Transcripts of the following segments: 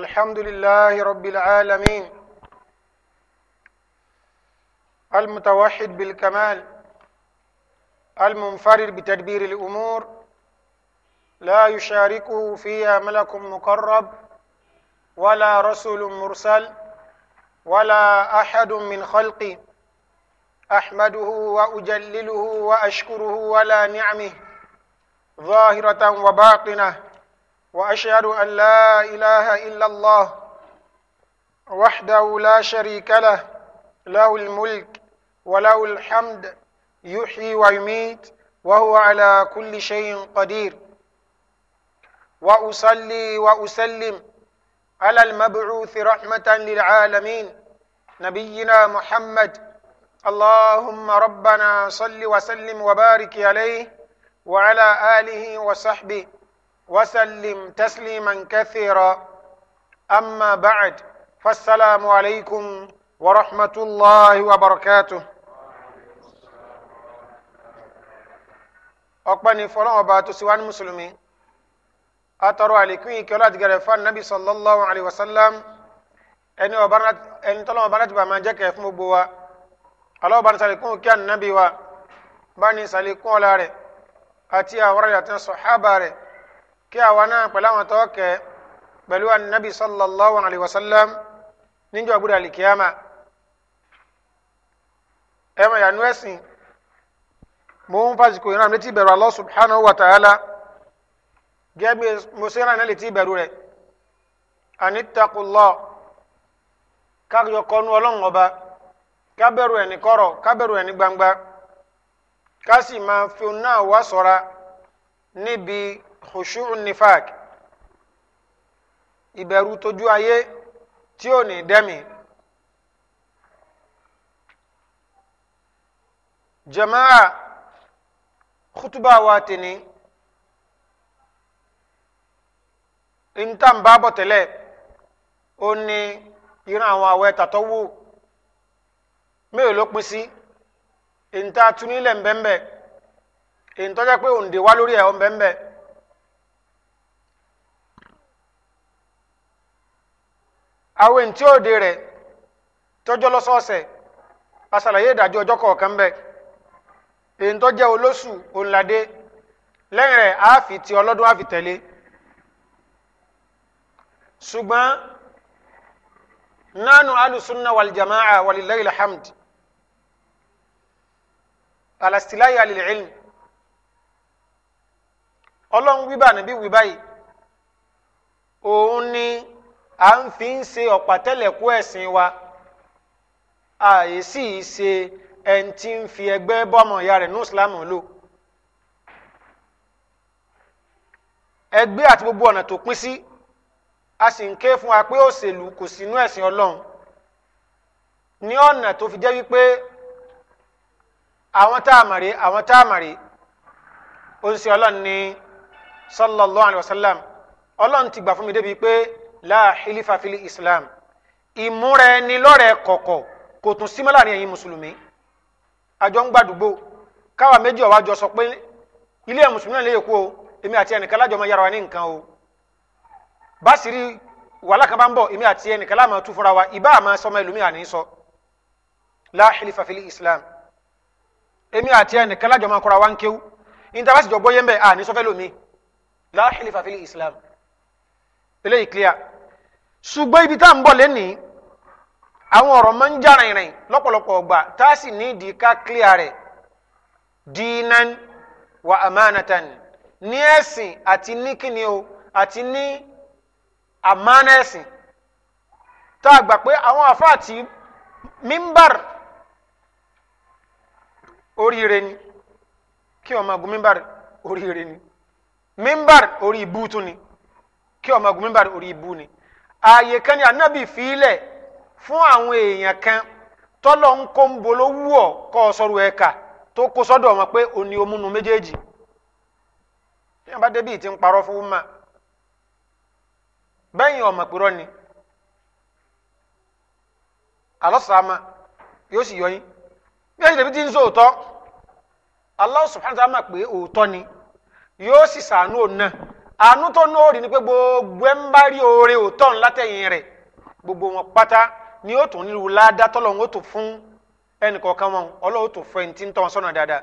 الحمد لله رب العالمين المتوحد بالكمال المنفرد بتدبير الأمور لا يشاركه فيها ملك مقرب ولا رسول مرسل ولا أحد من خلقي أحمده وأجلله وأشكره ولا نعمه ظاهرة وباطنة واشهد ان لا اله الا الله وحده لا شريك له له الملك وله الحمد يحيي ويميت وهو على كل شيء قدير واصلي واسلم على المبعوث رحمه للعالمين نبينا محمد اللهم ربنا صل وسلم وبارك عليه وعلى اله وصحبه وسلم تسليما كثيرا أما بعد فالسلام عليكم ورحمة الله وبركاته أقبني فلان وباتو سوان مسلمين atọrọ àlékún yìí kí ọlọ́dún gẹrẹ fún anabi sallallahu alayhi wa sallam ẹni tọ́lọ́mọ bá láti bá máa jẹ́ kẹ́ fún gbogbo wa aláwọ̀ bá ní sàlékún kí anabi wa bá ní sàlékún ọ̀la rẹ̀ àti àwọn ọ̀rẹ́ àti sọ̀hábà rẹ̀ kí àwa náà pẹ̀lú àwọn tó kẹ́ pẹ̀lú anabi sallallahu alayhi wa sallam níjọ́ gbúdọ̀ alikiyama ẹ mọ̀ yànú ẹ̀sìn mo ń fásitì kò yẹn náà létí ìbẹ̀rù Allah subhanahu wa ta'ala gẹ́gẹ́ bí mo ṣe rán náà létí ìbẹ̀rù rẹ̀ anittaqullah káyọ kọnu ọlọ́run ọba kábẹ̀rù ẹni kọ̀rọ̀ kábẹ̀rù ẹni gbangba ká máa fi náà wá ṣọ́ra níbi khushu'un nifaq ìbẹ̀rù tójú ayé tí ò ní dẹ́mi jama'a khutuba wa tini intan babo tẹ́lẹ̀ ó ní ìran àwọn àwẹ̀ tàtọ́wò mélòó ló pín sí ìntà túnilẹ̀ ń bẹ́ńbẹ́ ìntọ́jẹ́ pé òǹdè wá lórí ẹ̀ ń bẹ́ńbẹ́ àwọn èntí òde rẹ̀ tọ́jọ́ lọ́sọ̀ọ̀sẹ̀ asàlàyé ìdájọ́ ọjọ́ kọ̀ọ̀kan bẹ́ẹ̀ èyí tó jẹ́ olóṣù òǹladé lẹ́yìn rẹ̀ àáfi ti ọlọ́dún àfi tẹ̀lé ṣùgbọ́n nánú alùsùnà wàlìjàmáà wàlìlẹ́yìn alhamd alàsìláyà alìlẹ́yìn ọlọ́run wíbà níbí wíbáyìí òun ni à ń fi ń ṣe ọ̀pátẹ́lẹ̀kú ẹ̀sìn wa àyè sì ṣe ẹni tí ń fi ẹgbẹ́ bọ́mọ ìyá rẹ̀ ní ìsìlámù lò ẹgbẹ́ àti gbogbo ọ̀nà tó pín sí a sì ń ké fún wa pé òṣèlú kò sínú ẹ̀sìn ọlọ́run ní ọ̀nà tó fi jẹ́ wípé àwọn tá a màrí àwọn tá a màrí ó ń ṣe ọlọ́run ní sallallahu alayhi wa sallam ọlọ́run ti gbà fún mi débi pé la hilifa fili islam ìmúra ẹni lọ́rẹ̀ kọ̀kọ̀ kò tún sí mọ́ láàrin ẹ̀yin mùsùlùmí àjọ ń gbàdúgbò káwa méjì ọ̀wá jọ sọ pé ilé ẹ̀ mùsùlùmí náà lè kú o èmi àti ẹnìkan lájọ ọmọ yàrá wa ní nǹkan o básìrì wàhálà kan bá ń bọ̀ èmi àti ẹnìkan láàmú tú fúnra wa ìbá àmọ́ sọmọ ẹlòmíì àní sọ la hilifa islam èmi àti ẹnìkan lájọ ọmọ akọra wa ń kéwú níta bá sì jọ gbóyè ń bẹ̀ àní sọfẹ́ lómi la hilifa islam eléyìí clear ṣùgbọ́n ibi tá à ń bọ̀ lẹ́nìí àwọn ọ̀rọ̀ máa ń já rìnrìn lọ́pọ̀lọpọ̀ ọgbà tá a sì ní ìdí ká clear rẹ̀ dinan wa amanatan ní ẹ̀sìn àti ní kíni o àti ní amánà ẹ̀sìn tá a gbà pé àwọn àfáà tí mímbàr oríire ni kí ọmọ ogun mímbàr oríire ni mímbàr orí ibú tún ni kí ọmọ ogun mímbàr orí ibú ni. ààyè kan ní anábì fílẹ̀ fún àwọn èèyàn kan tọ́lọ̀ ń kó ń bolo wú ọ̀ kọ́ ọ sọ́rọ̀ ẹ̀ka tó kó sọ́dọ̀ wọn pé òní omúnu méjèèjì tí wọn bá débi ìtì ń parọ́ fún ma bẹ́yìn ọ̀mọ̀ pẹ̀rọ ni alọ́sàámà yóò sì yọyín bí ẹ̀jẹ̀ débi ti ń sọ òótọ́ Allah subhanahu wa ta'ala mọ̀ pé òótọ́ ni yóò sì sàánú òun náà. àánú tó ní orí ni pé gbogbo ẹ̀ ń bá rí oore òótọ́ ńlá tẹ̀yìn rẹ̀ gbogbo wọn pátá ni ó tún nílùú ládá tọ́lọ̀ ń ó tó fún ẹnìkọ̀ọ̀kan wọn ọlọ́wọ́ tó fún ẹni tí ń tọ́ sọ́nà dáadáa.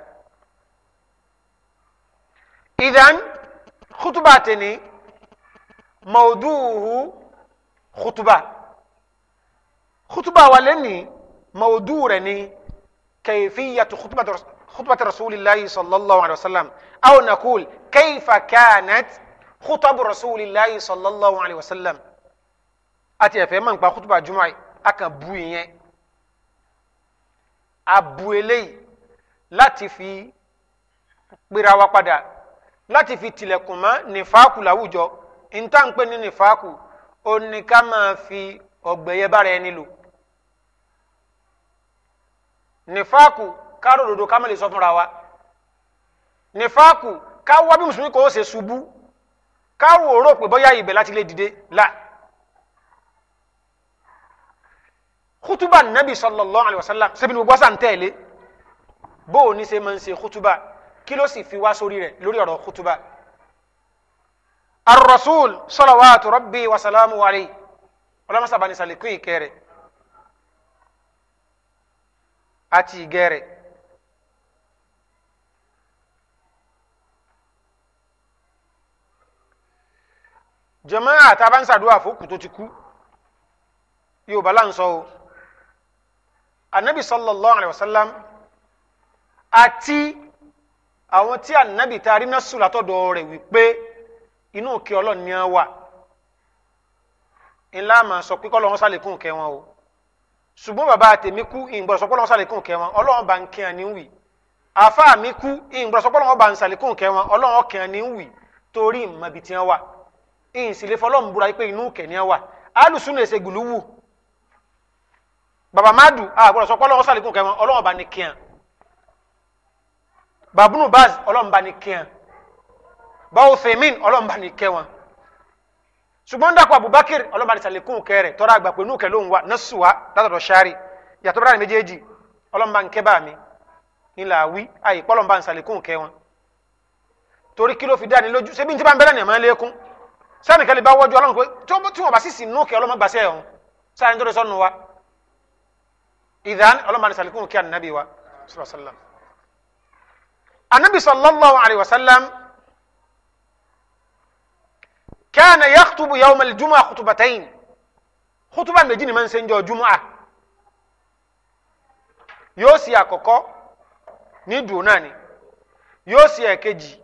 ìdán kútùbà tẹ̀lé mọ̀ọ́dúhù kútùbà kútùbà wà lẹ́nìí mọ̀ọ́dúhù rẹ̀ ni kẹ̀fíyàtú kútùbà tẹ̀ rasulillahi sallallahu alayhi wa sallam aw naqul kayfa kanat khutabu rasulillahi sallallahu alayhi wa sallam àti ẹ̀fẹ́ máa ń pa khutuba juma yìí a kàn bu ìyẹn a bu eléyìí láti fi pera wa padà láti fi tilẹ̀kùn mọ́ nífàákù láwùjọ níta ń pè ní nífàákù ó ní ká máa fi ọ̀gbẹ̀yẹ bára ẹni lò nífàákù kárò òdodo ká má lè sọ fúnra wa nífàákù ká wá bí mùsùlùmí kò ó ṣe ṣubú káwò rò pé bóyá ibẹ̀ láti lè dìde la khutuba nabi sallallahu alayhi wa sallam sebi ni gbogbo sa n tẹ̀lé bó o ní ṣe máa ń ṣe khutuba kí ló sì fi wá sórí rẹ̀ lórí ọ̀rọ̀ khutuba ar-rasul rabbi wa salamu alayhi ọlọ́mọsàbánisàlẹ̀ kún ìkẹrẹ àti ìgẹrẹ. jàmáà tá a bá ń ṣàdúrà fókù tó ti kú yorùbá là ń sọ o anabi sallallahu alayhi wa sallam àti àwọn tí anabi taari náà sùn látọ̀dọ̀ rẹ̀ wípé inú òkè ọlọ́run ni a wà ńlá máa sọ pé kọ́lọ́run sálẹ̀kùn kẹ́ wọn o ṣùgbọ́n bàbá tèmi kú ìgbọ̀nsọ̀ kọ́lọ́run sálẹ̀kùn kẹ́ wọn ọlọ́run bá ń kẹ́ ẹ̀ ní wì àfa mi kú ìgbọ̀nsọ̀ kọ́lọ́run bá ń sálẹ̀kùn kẹ́ wọn ọlọ́run kẹ́ ẹ̀ ní wì torí ìmọ̀bi tí wọ́n wà ìsìlẹ̀ fọlọ́n búra pé inú kẹ̀níà wà alùsùn lè ṣe gùlùwù bàbá madu àgbọ̀dọ̀ sọ pé ọlọ́wọ́ sàlékún kẹwọn ọlọ́wọ́ bá ní kíán babunu baz ọlọ́wọ́ bá ní kíán bawo femin ọlọ́wọ́ bá ní kẹwọn ṣùgbọ́n dàpọ̀ abubakar ọlọ́wọ́ bá ní sàlékún kẹrẹ tọ́ra àgbà pé inú kẹ ló ń wa nasuwa látọ̀dọ̀ sari yàtọ̀ bẹ́rẹ̀ méjèèjì ọlọ́wọ́ bá mi ńlá wí àyè pọ́lọ́wọ́ bá ń sàlékún kẹwọn torí kí ló fi dá ní lójú sẹ́nìkan lè bá wọ́jú ọlọ́run pé tí wọ́n bá sì sìn nókè ọlọ́mọ gbàṣẹ́ ọ̀hún sáré nítorí sọ́nù wa ìdán ọlọ́mọ àdìsàlẹ̀kùn kí ànábì wa sọlọ́sọ́lá ànábì sallallahu alayhi wa sallam kana yakhtubu yawm al-jumu'ah khutubatayn méjì ni máa ń ṣe ńjọ́ jumu'ah yóò sì àkọ́kọ́ ní dùn náà ni yóò sì ẹ̀kejì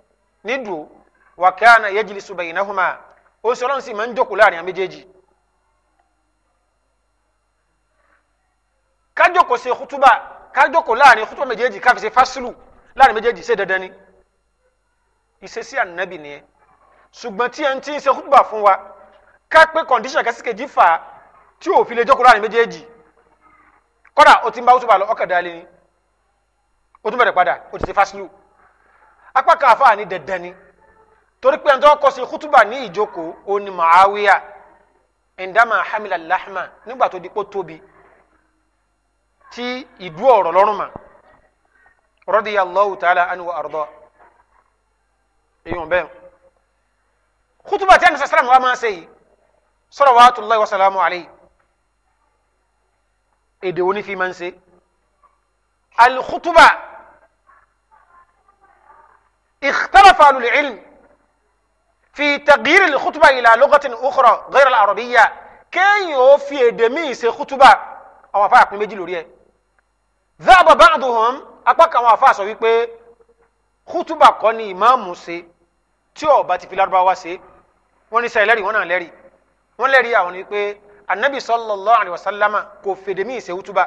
ní dùn wa kana yajlisu baynahuma oṣù ọlọ́run sì máa ń jókòó láàrin àwọn méjèèjì kájókòó ṣe kútúbà kájókòó láàrin kútúbà méjèèjì káfi ṣe fásílù láàrin méjèèjì ṣe dandan ni ìṣesí ànábì nìyẹn ṣùgbọ́n tí ẹni tí ń ṣe kútúbà fún wa ká pé kọ̀ǹdíṣàn kásìkejì fà á tí ò fi lè jókòó láàrin méjèèjì kódà ó ti ń bá kútúbà lọ ọkàn dalẹ̀ ni ó tún bẹ̀rẹ̀ padà ó ti ṣe fásílù apá kan àfáà ni dandan ni torí pé àtọ́ kọ́ sí kútùbà ní ìjókòó ó ní Muawiya ndama hamila lahma nígbà tó di pé tóbi tí ìdú ọ̀rọ̀ lọ́rùn mà radiyallahu ta'ala anhu wa arda èèyàn bẹ́ẹ̀ kútùbà tí a ní sàlámù wa máa ṣe yìí salawatullahi wa salamu alayhi èdè wo ni fi máa ń ṣe alikutuba ikhtalafa alul ilm fi tagiri li kutuba ila lugatin ukhra ghayra al arabiya kéèyàn ó fi èdè míì ṣe kutuba àwọn afa àpín méjì lórí ẹ dhaba ba'duhum apá kan àwọn afa sọ wípé kutuba kọ́ ni ìmáàmù ṣe tí ó bá ti fi lárúbáwá ṣe wọ́n ní sẹ́yìn lẹ́rìí wọ́n náà lẹ́rìí wọ́n lẹ́rìí àwọn ni pé anabi sallallahu alayhi wa sallama kò fèdè míì ṣe kutuba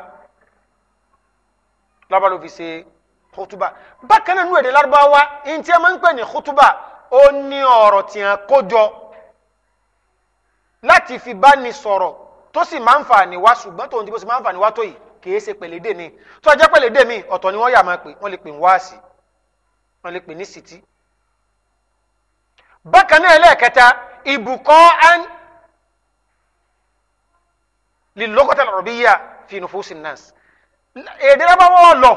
lọ́ba ló fi ṣe kutuba bákan náà nú èdè lárúbáwá ntí ẹ máa kutuba ó ní ọ̀rọ̀ tí a kó jọ láti fi bá ní sọ̀rọ̀ tó sì máa ń fà ní wá ṣùgbọ́n tòun tí bó sì máa ń fà ní wá tó yìí kìí ṣe pèlédè mi tó jẹ́ pèlédè mi ọ̀tọ̀ ni wọ́n yà máa pè wọ́n lè pè ní wáàsì wọ́n lè pè ní sìtì. bákan náà ẹlẹ́ẹ̀kẹta ìbùkọ́ án lílọ́kọ̀tà lọ́rọ̀ bí yíyà fi nùfúsì nàásì èdè lábáwọ́ lọ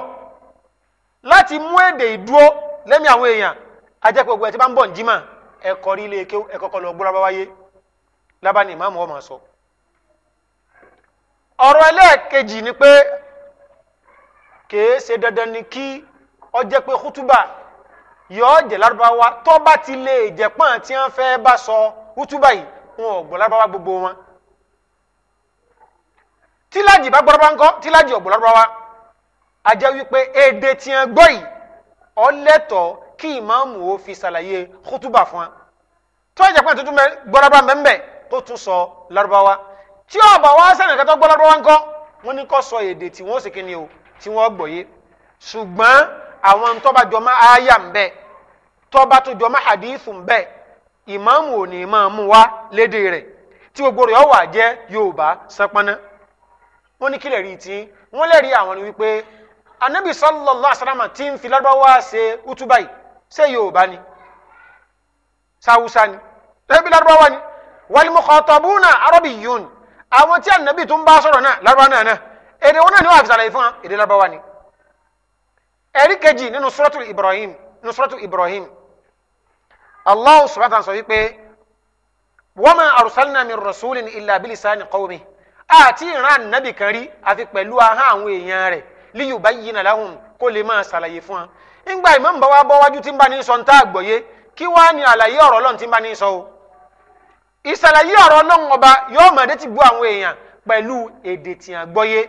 láti mú èdè ìdúró lẹ́mìí àwọn èèyàn ajẹ́ pé gbogbo ẹ̀ tí bá ń bọ̀ ní jimá ẹ kọrí ilé eke ẹ kọ́kọ́ lọ gbọ́dọ̀ bá wáyé lábá ni ìmáàmù ọmọ sọ. ọ̀rọ̀ ẹlẹ́ẹ̀kejì ni pé kèé ṣe dandan ni kí ó jẹ́ pé kútúbà yọ̀ọ́ jẹ́ lárúbáwá tó bá ti lè jẹ́ pọ́n tí wọ́n fẹ́ bá sọ kútúbà yìí wọn ò gbọ́ lárúbáwá gbogbo wọn. tíláàjì bá gbọ́dọ̀ bá ń tíláàjì ò gbọ́ lárúbáwá a wípé èdè tí wọ́n gbọ́ yìí ó lẹ́tọ̀ọ́ kí ìmáàmù ó fi ṣàlàyé kútúbà fún wa tó ẹ̀jẹ̀ pé tuntun gbọ́dọ̀bà mẹ́mbẹ́ tó tún sọ lárúbáwá tí ọba wa sẹ́nì kẹtọ́ gbọ́ lárúbáwá ńkọ́ wọ́n ní kó sọ èdè tí wọ́n sì kí ni o tí wọ́n gbọ́yé ṣùgbọ́n àwọn tọ́ba jọmọ́ àyà ń bẹ tọ́ba tó jọmọ́ hadithu ń bẹ ìmáàmù ò ní máa wa lédè rẹ̀ tí gbogbo rẹ̀ ọ̀wà jẹ́ Yorùbá sẹ́pọ́nà wọ́n ní kílẹ̀ rí tí wọ́n lẹ́rìí àwọn ni wípé anabi sallallahu alaihi wasallam ti ń fi lárúbáwá ṣe útúbà ṣé yorùbá ni sáwùsá ni ṣé bí lárúbáwá ni wàlímùkọ́tọ̀bùnà arábìyún àwọn tí ànábì tó ń bá sọ̀rọ̀ náà lárúbá náà náà èdè wọn náà ni wọ́n fi ṣàlàyé fún wa èdè lárúbáwá ni ẹ̀rí kejì nínú sọ́rọ́tù ibrahim nínú sọ́rọ́tù ibrahim allah subhanahu wa ta'ala sọ wípé wa ma arsalna min rasulin illa bilisani qawmi àti ìran ànábì kan rí àfi pẹ̀lú ahọ́n àwọn èèyàn rẹ̀ li yubayyina lahum kó lè máa ṣàlàyé fún wa ńgbà ìmọ̀ nbọ̀ wa bọ́ wájú tí ń bá ní sọ ń tá àgbọ̀yé kí wá ní àlàyé ọ̀rọ̀ ọlọ́run tí ń bá ní sọ o ìsàlàyé ọ̀rọ̀ ọlọ́run ọba yóò mọ̀ ẹ́dẹ́ ti bu àwọn èèyàn pẹ̀lú èdè tí a gbọ́yé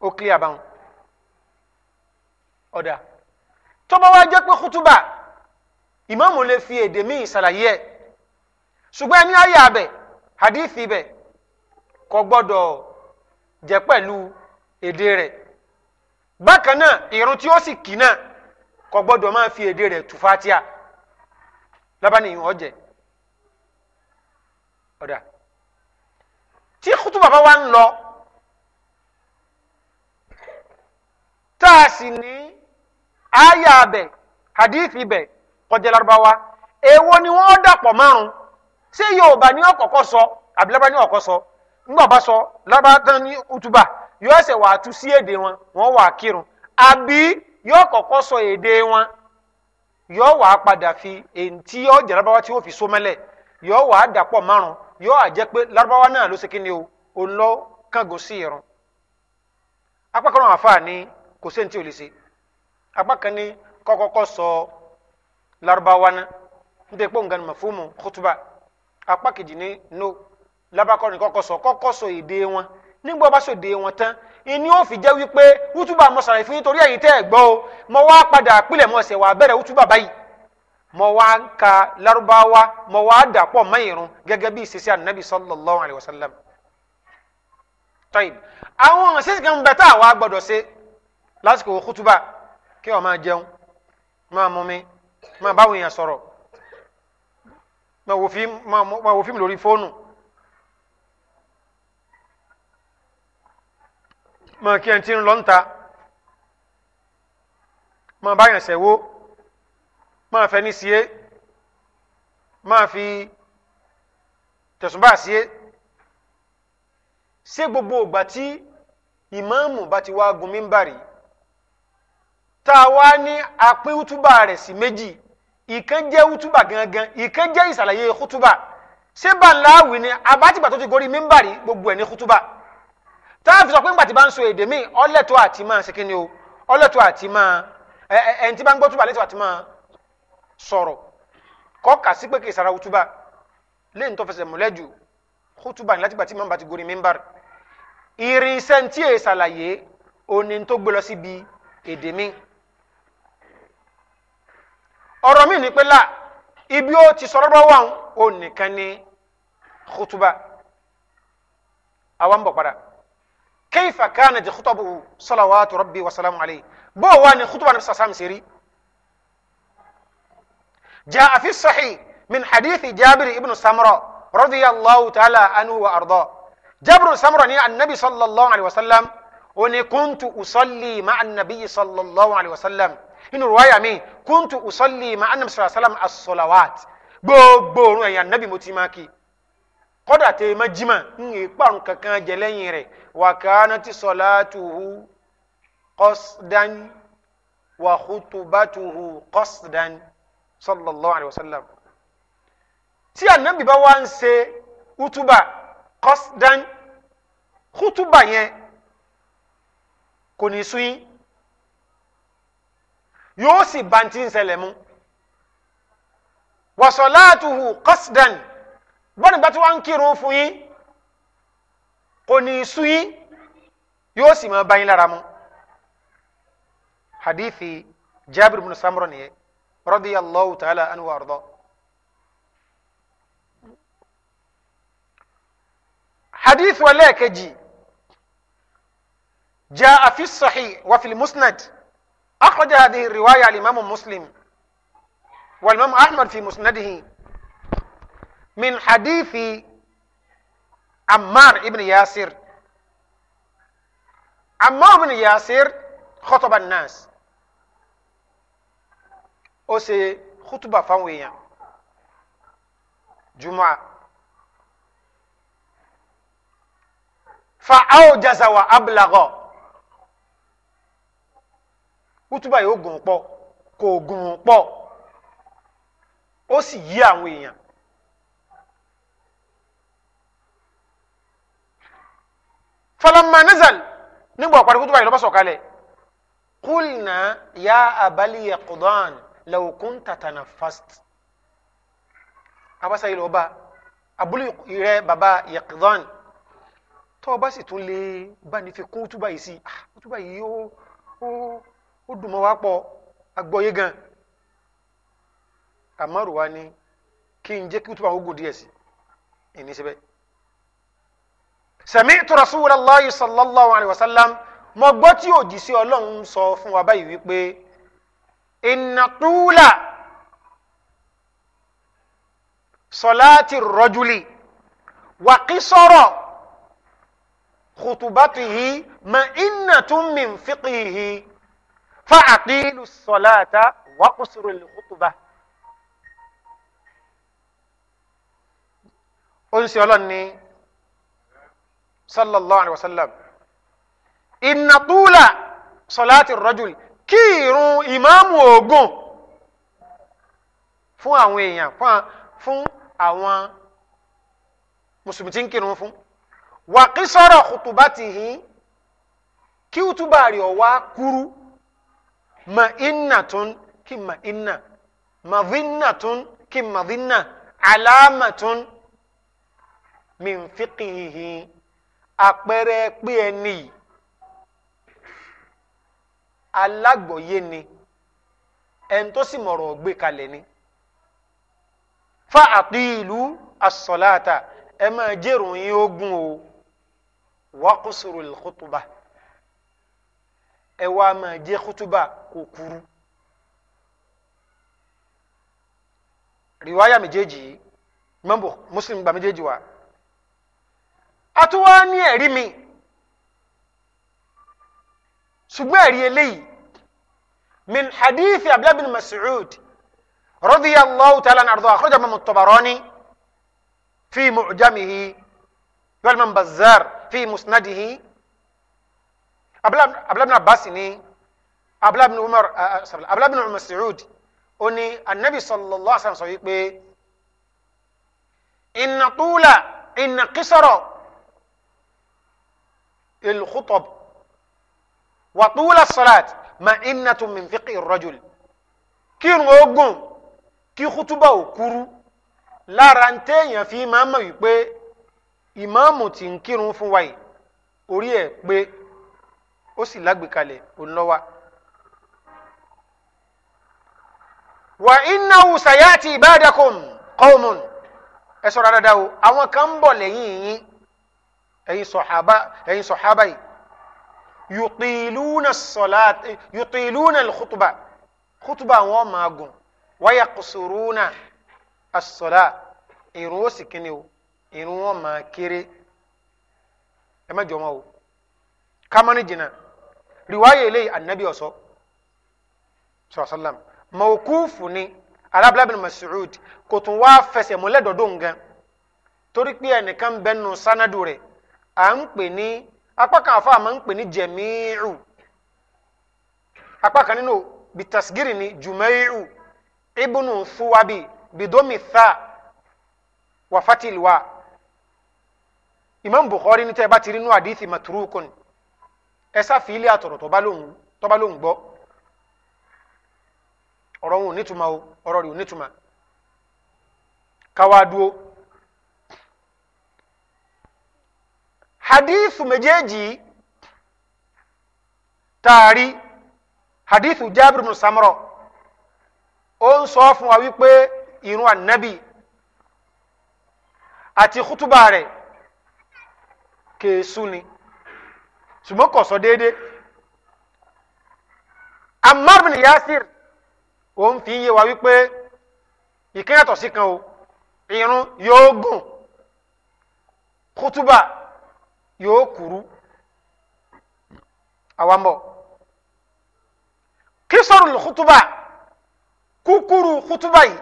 ó clear báwọn ọ̀dà tó bá wá jẹ́ pé kútúbà ìmọ̀ọ́mù lè fi èdè míì ṣàlàyé ẹ̀ ṣùgbọ́n ẹni ayé abẹ hadithi bẹ kò gbọ́dọ̀ jẹ́ pẹ̀lú èdè rẹ̀ bákan náà ìrun tí ó sì kì náà kɔgbɔdɔ maa fi ede rɛ tu labanin ɔjɛ ɔda ti kutu baba wa n lɔ taasi ni aya bɛ hadithi bɛ kɔjɛlarabawa ewo ni wɔn dapɔ marun se yoruba ni wɔn kɔkɔ sɔ abi laban ni wɔn kɔ sɔ ŋgbɔ ba sɔ laban tan ni utuba yɔ ɛsɛ waa tu si ede wɔn wɔn abi. yóò kọ́kọ́ sọ èdè wọn yóò wàá padà fi èntì yóò jẹ́ lárúbáwá tí yóò fi so mẹ́lẹ̀ yóò wàá dàpọ̀ márùn yóò àjẹ́ pé lárúbáwá náà ló ṣe kí ni o òun lọ kángun sí irun apá kan náà àfa ni kò sí ní tí o lè ṣe apá kan ní kọ́kọ́kọ́ sọ lárúbáwá náà nítorí pé òun gan mọ̀ fún mu kútúbà apá kejì ní no lábákọ́ ni kọ́kọ́ sọ kọ́kọ́ sọ èdè wọn nígbà bá ṣòde wọn tán ìní ó fi jẹ́ wípé wútúbà mo ṣàlàyé fún yín torí ẹ̀yin tẹ́ ẹ̀ gbọ́ o mo wá padà pílẹ̀ mo ṣẹ̀ wá bẹ̀rẹ̀ wútúbà báyìí mo wá ń ka lárúbáwá mo wá dàpọ̀ mọ́ ìrun gẹ́gẹ́ bí ìṣesí ànábì sallallahu alayhi wa sallam. tayib àwọn ìṣesí kan bẹ̀ tá a wá gbọ́dọ̀ ṣe lásìkò kútúbà kí wọ́n máa jẹun máa mumi máa báwọn èèyàn sọ̀rọ̀ máa wò fíìmù mọ kí ẹni tí ń lọ ń ta mọ bá yàn sẹ́wó mọ fẹ́ ní síé mọ fi tẹ̀sùn bá síé ṣé gbogbo ìgbà tí ìmáàmù bá ti wá gun mímbàrí tá a wá ní apín útúbà rẹ̀ sí méjì ìkan jẹ́ útúbà gangan ìkan jẹ́ ìsàlàyé kútúbà ṣé bá ńlá wì ni abátìgbà tó ti gorí mímbàrí gbogbo ẹ̀ ní kútúbà táàfin sọ pé ńgbà tí bá ń sọ èdè míì ọlẹ́tọ̀ àti máa ṣe kíni o ọlẹ́tọ̀ àti máa ẹ ẹ ẹni tí bá ń gbọ́ túbà lẹ́tọ̀ àti máa sọ̀rọ̀ kọ́ka sí pé kì í sara wútúbà lẹ́yìn tó fẹsẹ̀ mọ̀lẹ́jù kútúbà ní látìgbà tí màmá ti gorí mímbà irinṣẹ́ tí èè ṣàlàyé òní tó gbé lọ síbi èdè míì ọ̀rọ̀ míì ní pé là ibi ó ti sọ̀rọ̀ bá wà òun nìkan ní kútúbà àwa bọ̀ padà kayfa kanat khutubuhu salawatu rabbi wa salamu alayhi bó wà ní khutubu anabi sàlám sí rí jaa fi sahih min hadithi jabir ibn samra radiyallahu ta'ala anhu wa arda jabir samra ni annabi sallallahu alayhi wa sallam oni kuntu usalli ma'a annabi sallallahu alayhi wa sallam inú ruwaya mi kuntu usalli ma'a annabi sallallahu alayhi wa sallam as-salawat gbogbo orun ẹ̀yàn nabi mo ti máa kí i kódà tẹ ẹ má jimá ń yẹ kparun kankan jẹ lẹ́yìn rẹ̀ wà kàánà ti salatuhu qasdan wà khutubatuhu qasdan sallallahu alayhi wa sallam tí anabi bá wá ń ṣe utuba qasdan khutuba yẹn kò ní sún yín yóò sì bá ń ṣẹlẹ̀ mú wà salatuhu qasdan. bọ́ọ̀nù gbà tí wọ́n ń kírun fún yín kò ní í sú yín yóò sì máa bá yín lára mu hadithi jabir bin samro nìyẹn radiyallahu ta'ala anhu wa arda. hadith حديث ولا كجي جاء في الصحيح وفي المسند أخرج هذه الرواية الإمام مسلم والإمام أحمد في مسنده من حديث عمار ابن ياسر عمار بن ياسر خطب الناس ó ṣe kútùbà fáwọn èèyàn jùmọ̀à fa áwò jazawa abúlagọ̀ kútùbà yóò gùn pọ̀ kò gùn pọ̀ ó sì yí àwọn èèyàn falamma nazal nígbà ọ̀pá ìkútùbà ìlú bá sọ̀kalẹ̀ kulna ya abali yaqudan law kunta tanaffast abasa ìlú ọba abúlé rẹ baba yaqudan tó o bá sì tún lè bá ní fi kún túbà yìí sí túbà yìí ó ó ó dùn mọ́ wá pọ̀ agbọ́yé gan amaru wa ni kí n jẹ́ kí túbà ó gòdì ẹ̀ sí ẹ̀ ní síbẹ̀ sami'tu rasulallahi sallallahu alayhi wa sallam mo gbọ́ tí òjíṣẹ́ ọlọ́run sọ fún wa báyìí wípé inna tula salati rajuli wa qisara khutubatihi ma'innatun min fiqhihi fa'aqilu salata wa qusru al-khutbah. ó ń ṣe ọlọ́run ní sallallahu alayhi wa sallam inna tula salati rajul kí irun ìmáàmù ogun fún àwọn èèyàn fún àwọn mùsùlùmí tí ń kírun fún wà kí sọ̀rọ̀ kùtùbá ti hìn kí wùtúbà rẹ̀ wá kúrú ma inna tún kí ma inna madhinna tún kí madhinna alámatún min fiqihi àpẹẹrẹ pé ẹni yìí alágbọ̀yé ni ẹni tó sì mọ̀rọ̀ gbé kalẹ̀ ni fa àtìlú asọ̀láta ẹ máa jẹ́ròyìn ogun o wàkùsùrù lùkùtùbà ẹ wá máa jẹ́ kùtùbà kò kúrú. riwaya méjèèjì yìí Muslim gba méjèèjì wa. àtúwá ní ẹ̀rí mi ṣùgbọ́n ẹ̀rí eléyìí min hadithi abdullahi bin mas'ud radiyallahu ta'ala anhu akhraja imam at-tabarani fi mu'jamihi wal man bazzar fi musnadihi abdullahi bin abbas ni abdullahi bin umar abdullahi bin mas'ud ó ní annabi sallallahu alaihi wasallam sọ wípé inna tula inna qisara الخطب وطول الصلاة مئنة من فقه الرجل kí n ó gùn kí kútúbà ò kúrú lára ń téèyàn fi máa mọ̀ wípé ìmáàmù tí ń kírun fún wa yìí orí ẹ̀ pé ó sì lágbèkalẹ̀ ònlọ́wà. wà innahu sayati ibadakum qawmun ẹ sọ̀rọ̀ dáadáa o àwọn kan ń bọ̀ lẹ́yìn yín ẹ̀yin sọ̀hábà ẹ̀yin sọ̀hábà yìí yutiluna salat eh, yutiluna alkhutba khutba wọn máa gùn wáyà kùsùrúnà asọ̀lá ìrún ó sì kíni o ìrún wọn máa kéré ẹ má jọ wọn o kámánì jìnnà riwaaye eléyìí anabi ọ̀sọ́ sọ̀rọ̀sọ́lám mọ̀ọ́kúfù ni arábìlábìn Mas'ud kò tún wá fẹsẹ̀ múlẹ̀ dọ̀dọ̀ torí pé ẹnìkan bẹ́ẹ̀ nù sánádù rẹ̀ A ń pè ní apá kan àfa àmọ́ ń pè ní jẹ̀míìrù apá kan nínú bitasgiri ni jùmẹ́ìrù ibùnú bidomi tha imam bukhari ní tẹ́ ẹ bá ti rí inú àdìsí maturukun ẹ sáfi àtọ̀rọ̀ tó bá gbọ́ hadithu mejeji taari hadithu jabir bin samro ó ń sọ fún wa wípé irun anabi àti kútúbà rẹ̀ kèésù ni ṣùgbọ́n kò sọ déédéé ammar bin yasir ó ń fi yé wa wípé ìkéyàtọ̀ sí kan o irun yóò gùn kútúbà yóò kúrú àwọn bọ̀ kí sọ̀rọ̀ lùkútùbà kúkúrú kútùbà yìí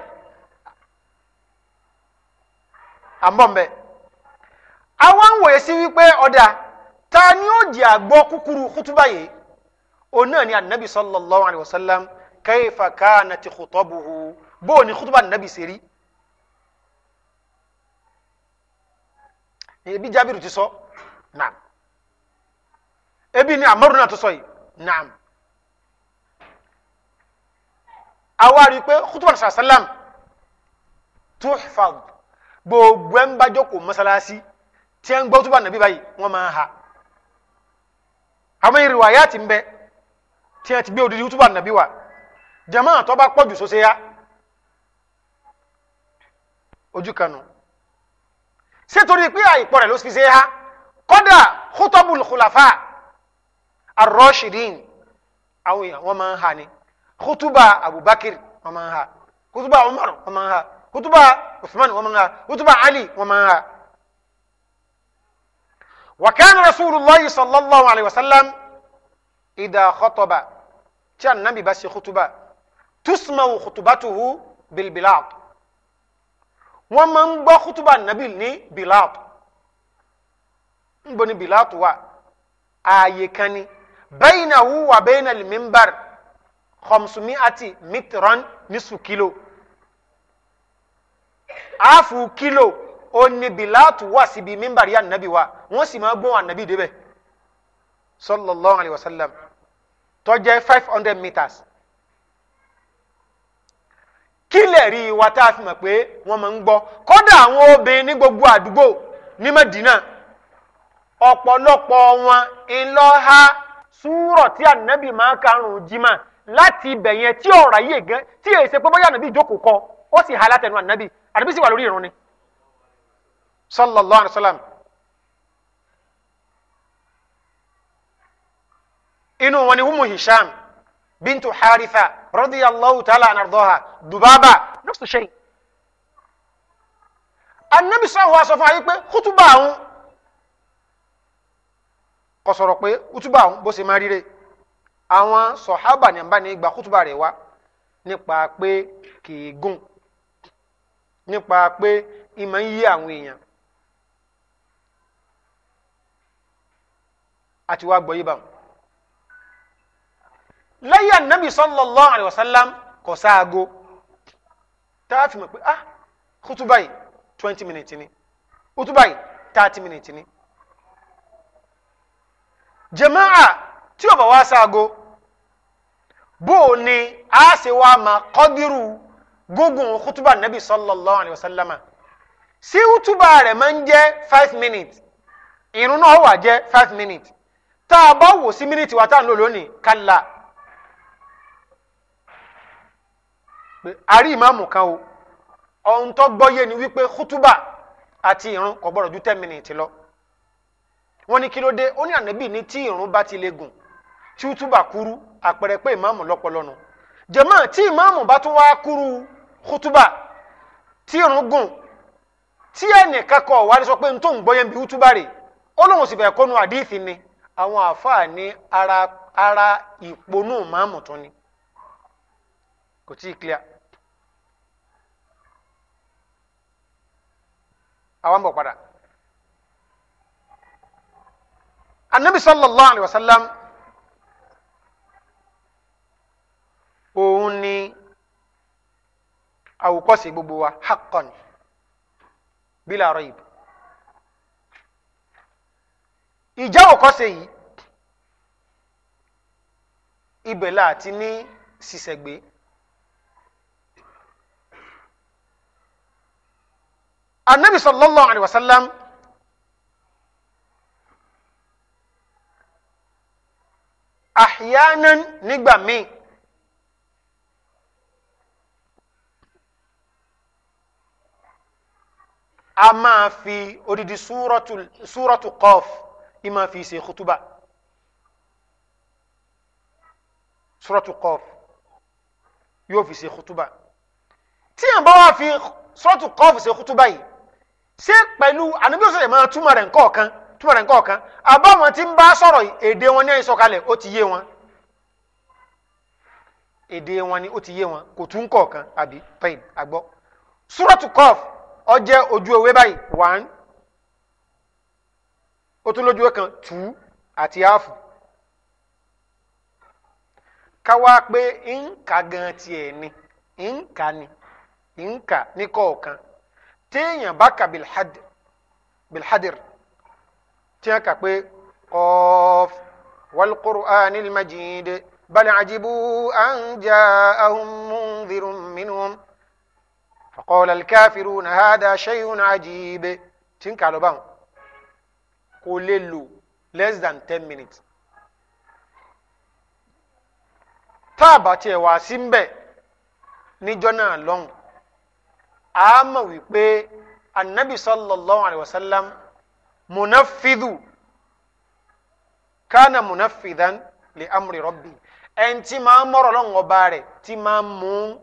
àmọ́ mbẹ́ àwọn wòye sí wípé ọ̀dà ta ni ó jẹ́ àgbọ̀ kúkúrú kútùbà yìí òun náà ni anabi sallallahu alayhi wa sallam kayfa kanat khutubuhu bóò ni anabi ṣe ebi jabiru ti sọ. So naam ebi ni amaru náà tó sọ yìí naam àwa rí i pé khutubah sàlám tuhfad gbogbo ẹ̀ ń bá jókòó mọ́sálásí tí ẹ̀ ń gbọ́ khutubah nàbí báyìí wọ́n máa ń ha àwọn ìrìwàyà ti ń bẹ ti gbé odidi khutubah nàbí wa jama tó bá pọ̀jù sóse ya ojú kanu ṣé torí pé àìpọ̀ fi ṣe ha. قدر خطب الخلفاء الراشدين أو ومن هاني خطب أبو بكر وما ها خطب عمر وما ها خطب عثمان ومن ها خطب علي ومن ها وكان رسول الله صلى الله عليه وسلم إذا خطب كان النبي بس خطبة تسمى خطبته بالبلاط ومن بخطب النبي بلاط nbo ni Bilatu wa ààyè kan ni baynahu wa bayna al-minbar khamsumi ati mitran nisu kilo afu kilo ó ní Bilatu wà síbi minbar ya nabi wa wọ́n sì máa gbọ́n ànábì débẹ̀ sallallahu alayhi wa sallam tó jẹ́ five hundred meters kílẹ̀ wa tá a fi mọ̀ pé wọ́n máa ń gbọ́ kódà àwọn obìnrin ní gbogbo àdúgbò ní Madina ọ̀pọ̀lọpọ̀ wọn ìlọ́ha súrọ̀ tí ànábì máa karùn-ún jimá láti ibẹ̀ yẹn tí ọ̀rọ̀ ayé gan tí èyí ṣe pé bóyá ànábì ìjókòó kọ ó sì ha látẹnu ànábì ànábì sì wà lórí ìrun ni sallallahu alayhi wa sallam. inú wọn ni umu hisham bintu haritha radiyallahu ta'ala anardoha dubaba nafsu shay. ànábì sọ̀rọ̀ wa sọ fún ayé pé kútùbà kọsọ̀rọ̀ pé kútúbà bó ṣe máa ríre àwọn sọ̀hábà ní àbáni gba kútúbà rẹ̀ wá nípa pé kìí gùn nípa pé ìmọ̀ ń yí àwọn èèyàn àti wá gbọ́ yíbà lẹ́yìn ànábì sallallahu alaihi wasallam kò sáago tá a fi mọ̀ pé ah kútúbà yìí twenty minutes ni kútúbà yìí thirty minutes ni jẹmáà tí o bá wá sáago bó o ní a ṣe wá ma kọ́dírù gógùn kútúbà nàbì sallallahu alayhi wa sallama sí kútúbà rẹ̀ máa ń jẹ́ five minutes irun náà wà jẹ́ five minutes tá a bá wò sí mínítì wa tá a lò lónìí kálá àrí ìmáàmù kan o ohun tó gbọ́yé ni wípé kútúbà àti irun kò gbọ́dọ̀ ju ten minutes lọ wọ́n ní kí ló dé ó ní ànábì ní tí ìrun bá ti lè gùn tí ó túbà kúrú àpẹẹrẹ pé ìmáàmù lọ́pọlọ́nu jẹ̀mọ́ tí ìmáàmù bá tún wá kúrú kútúbà tí ìrun gùn tí ẹnìkan kọ̀ wá sọ pé ntòun gbọ́yẹn bí kútúbà rè ó lóun sì bẹ̀rẹ̀ kọ́nu àdíìsì ni àwọn àáfàá ní ara ara ìponú ìmáàmù tún ni kò tí ì clear. àwọn bọ̀ padà. anabi sallallahu alayhi wa sallam òun ni àwòkọ́ṣe gbogbo wa haqqan bila raib ìjà àwòkọ́ṣe yìí ibẹ̀ láti ní sísẹ̀gbé. anabi sallallahu alayhi wa sallam. àhíyánan nígbà míì a máa fi odidi súrọ́tù kọ́f i máa fi ṣe kútúbà súrọ́tù kọ́f yóò fi ṣe kútúbà tí a bá wá fi súrọ́tù kọ́f ṣe kútúbà yìí ṣé pẹ̀lú ànábíyọ̀sọ̀ yẹn máa túmọ̀ rẹ̀ nǹkan kan. túmọ̀ rẹ̀ nǹkan kan àbáwọn tí ń bá sọ̀rọ̀ èdè wọn ní ìsọkalẹ̀ ó ti yé wọn èdè wọn ni ó ti yé wọn kò tún kọ̀ kan àbí pain àgbọ̀ suratu Qaf ó ojú ewé báyìí one ó tún lójú ewé kan two àti áàfù káwá pé nǹka gan tiẹ̀ ni nka ni nǹka ní kọ̀ọ̀kan téèyàn bá kà bilhadir. tí wọ́n kà pé qaf wal qur'anil majid bal ajibu an ja'ahum mundhirun minhum faqala al-kafiruna hadha shay'un ajib tí ń kà lọ báwọn kò lè lò less than ten minutes tá a bá wá sí ń bẹ̀ níjọ́ náà lọ́hùn a wípé anabi sallallahu alayhi wa sallam. منفذ كان منفذا لامر ربي انت ما امر الله باري تي ما مو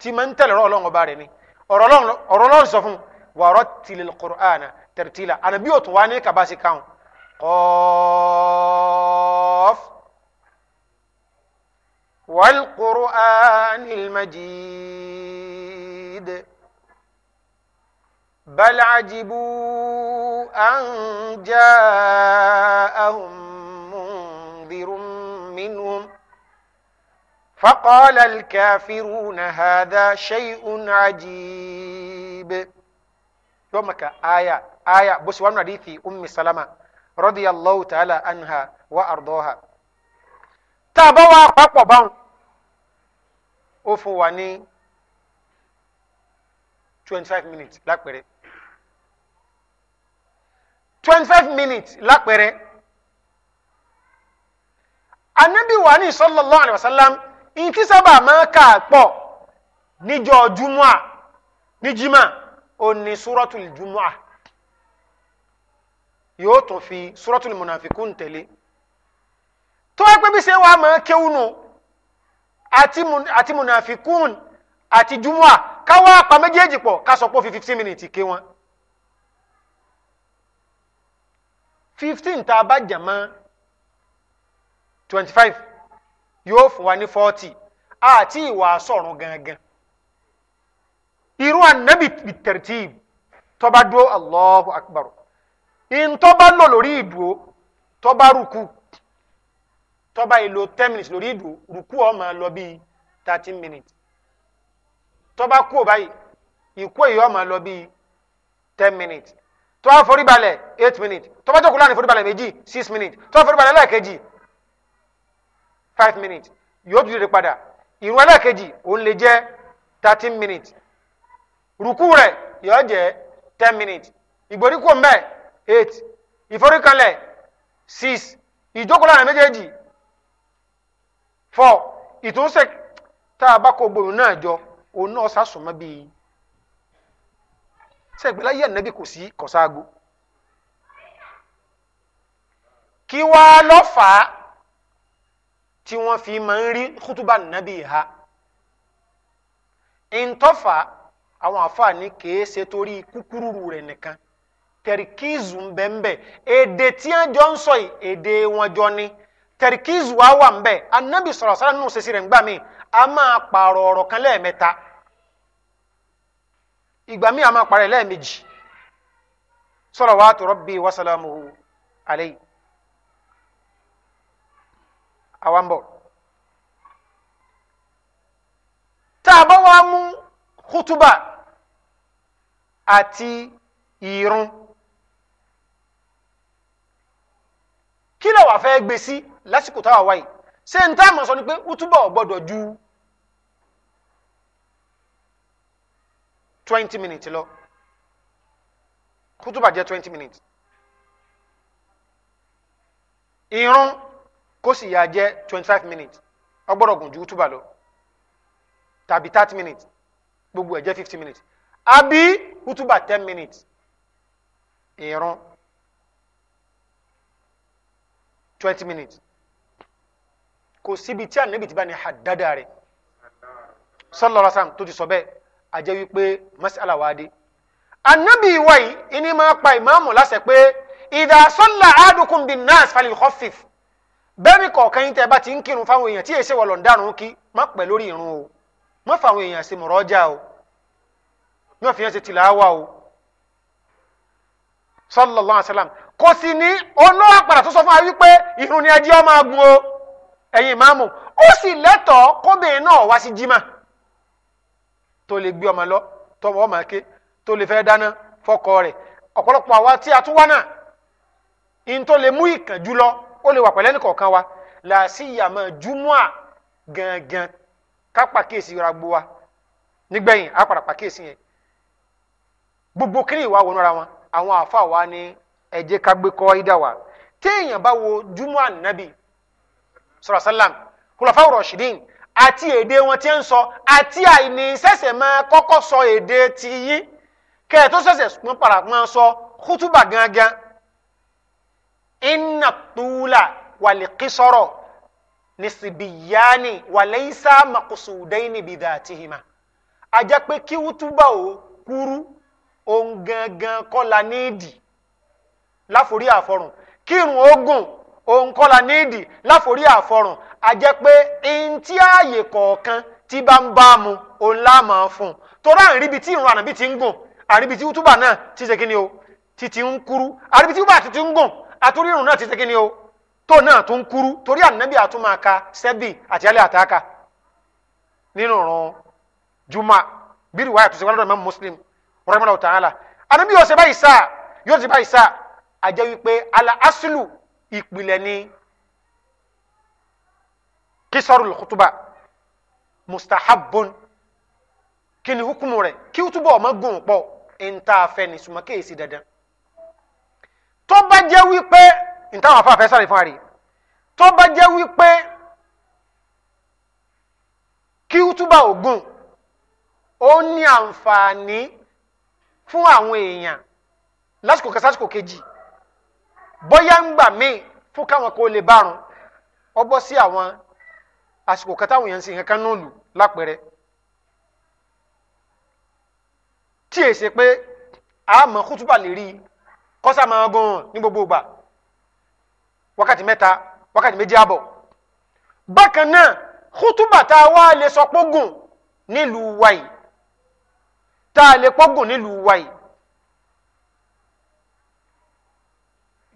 تي ما انت الله باري ني اور الله اور الله سفون ورتل القران ترتيلا انا بيوت واني كباسي كاون قف والقران المجيد بل عجبوا أن جاءهم منذر منهم فقال الكافرون هذا شيء عجيب يومك آية آية بس وانا ريثي أم سلمة رضي الله تعالى عنها وأرضوها تابوا بابا بان أفواني 25 minutes lápẹ̀rẹ̀. Like twenty five minutes lápẹ̀rẹ̀ anabi wa ni sallallahu alayhi wa sallam nti sábà máa kà pọ̀ níjọ́ jumua ní jimá òní suratul jumua yóò tún fi suratul munafikun tẹ̀lé tó wá pé bí ṣe wàá máa kéwù àti munafikun àti jumua káwá pa méjèèjì pọ̀ ká sọ pé ó fi fifteen minutes ké wọn. fifteen tá a Jama, twenty five yóò fún wa ní forty àti ìwà sọ̀rùn gangan irú ànábì bitẹ̀rìtìb tọ́ba dúró allahu akbar ntọ́ba lò lórí ìdúró tọ́ba rúkú tọ́ba ìlò ten minutes lórí ìdúró rúkú ó máa lọ bíi thirty minutes tọ́ba kú báyìí ìkú èyí ó máa lọ bíi ten minutes tó bá forí balẹ̀ eight minutes tó bá jókòó láàrin forí balẹ̀ méjì six minutes tó bá forí balẹ̀ lẹ́ẹ̀kejì five minutes yóò tún lè padà ìrun ẹlẹ́ẹ̀kejì òun lè jẹ́ thirteen minutes rùkú rẹ̀ yóò jẹ́ ten minutes ìgbèríko mbẹ́ eight ìforíkalẹ̀ six ìjókòó láàrin méjèèjì four ìtúnṣe tá a bá kó gbòòrùn náà jọ òun náà sásùnmọ́ bíi sẹ́gbẹ́lá yẹ̀ nẹ́bí kò sí kọ̀sáàgó kí wàá lọ́fàá tí wọ́n fi máa ń rí kútúbà nàbí ha ntọ́fà àwọn àfààní kìí ṣe torí kúkúrú rẹ̀ nìkan tẹ̀ríkìzù ń èdè tí wọ́n jọ ń sọ yìí èdè wọn jọ ni tẹ̀ríkìzù wa wà ń bẹ anábì sọ̀rọ̀ sára nínú ṣe sí rẹ̀ ń gbà mí a máa pààrọ̀ ọ̀rọ̀ kan lẹ́ẹ̀mẹ́ta ìgbà míì a máa parẹ́ lẹ́ẹ̀mejì salawatu rabbi wa salamuhu alayhi àwa ń bọ̀. tá a bá wá mú kútúbà àti ìrun kí ló wàá fẹ́ gbé lásìkò táwa wáyé ṣé n tá a sọ ni pé kútúbà ò ju. twenty minutes lọ kútùbà jẹ́ twenty minutes irun kó sì yà jẹ́ twenty five minutes ọgbọ́dọ̀ gùn ju kútùbà lọ tàbí thirty minutes gbogbo ẹ̀ jẹ́ fifty minutes àbí kútùbà ten minutes irun twenty minutes kò síbi tí ànábì ti bá ní àdáda rẹ̀ sallallahu alaihi tó ti sọ bẹ́ẹ̀ ajẹ́ wípé masala wa dé. anabi wa yìí ìní máa pa ìmáàmù láṣẹ pé idha salla ahadukum bin nas falil khaffif bẹ́ẹ̀ ni kọ̀ọ̀kan yín tẹ́ bá ti ń kírun fáwọn èèyàn tí èsè wọ̀ lọ́ndàrún kí má pẹ́ lórí irun o má fáwọn èèyàn ṣe mọ̀rọ́jà o yóò fi hàn ṣe tìláwà o sallallahu alaihi wasallam kò sì ní ọlọ́wà padà tó sọ fún wa wípé ìrun ni ẹjẹ́ ọmọ agun o ẹ̀yin ìmáàmù ó sì lẹ́tọ̀ọ́ kóbìnrin náà wá sí jimá tó lè gbé ọmọ lọ tọwọ́ ọmọ ké tó lè fẹ́ dáná fọkọ rẹ̀ ọ̀pọ̀lọpọ̀ àwa tí a tún wá náà in tó lè mú ìkànjú lọ ó lè wà pẹ̀lẹ́ nìkọ̀ọ̀kan wa làásì ìyàmọ̀ júmọ́à gangan ká pàkíyèsí ra gbó wa nígbẹ̀yìn á padà pàkíyèsí yẹn gbogbo kiri ìwà wọnú ara wọn àwọn àfa wa ní ẹ jẹ́ kọ́ ìdá wa téèyàn bá wo júmọ́à nàbì sọ̀rọ̀ sálàm kúlọ̀fà rọ̀ṣìdín àti èdè wọn tí ń sọ àti àìní sẹ̀sẹ̀ máa kọ́kọ́ sọ èdè ti yín kẹ́ ẹ̀ tó sẹ̀sẹ̀ pọn para máa sọ kútúbà gángan inna tuula wàlíkísọ̀rọ̀ nìsibìyáni wàlẹ́yìísá makusudẹ́yìnì bìdàtìhìmà ajá pé kí wútúbà ò kúrú òun gangan kọ́ la nídìí láforí àfọrùn kírun ó gùn òun kọ́la níìdì láforí àfọrùn a jẹ́ pé ntí ààyè kọ̀ọ̀kan tí bá ń bá mu òun lá máa fún un torí àríbi tí ìrun ànábì ti ń gùn àríbi tí túbà náà ti ṣe kíni o ti ti ń kúrú àríbi tí túbà ti ń gùn àtúrí ìrun náà ti ṣe kíni o tó náà tó ń kúrú torí ànábì àtúmọ̀ọ́ka sẹ́bì àti alẹ́ àtàkà nínú ìrun juma bíi ìwà àtúnṣe wàlúùdà mẹ́mú muslim rẹ́mọ́lá ọ̀tàn àlà ànábì yóò ṣe báyìí sáà yóò ṣe báyìí sáà àjẹ́ wípé àlà aslu ìpìlẹ̀ ní kisarul khutuba mustahabun kí ni hukumu rẹ̀ kí hutuba ọmọ gùn pọ̀ ntá afẹ́ ni sùmọ́ kéèsì dandan tó bá jẹ́ wípé ntàwọn afáfẹ́ sáré fún àrí tó bá jẹ́ wípé kí hutuba ògùn ó ní àǹfààní fún àwọn èèyàn lásìkò kan sásìkò kejì bóyá ń gbà míì fún káwọn kó lè bárun ọ bọ́ sí àwọn àsìkò kan táwọn èèyàn ń sin kankan náà lù lápẹẹrẹ tí èyí ṣe pé àmọ́ kútúbà lè rí kọ́sà máa gan ní gbogbo ìgbà wákàtí mẹ́ta wákàtí méjì àbọ̀ bákan náà kútúbà tá a wá lè sọ pógùn nílùú wáyé tá a lè pógùn nílùú wáyé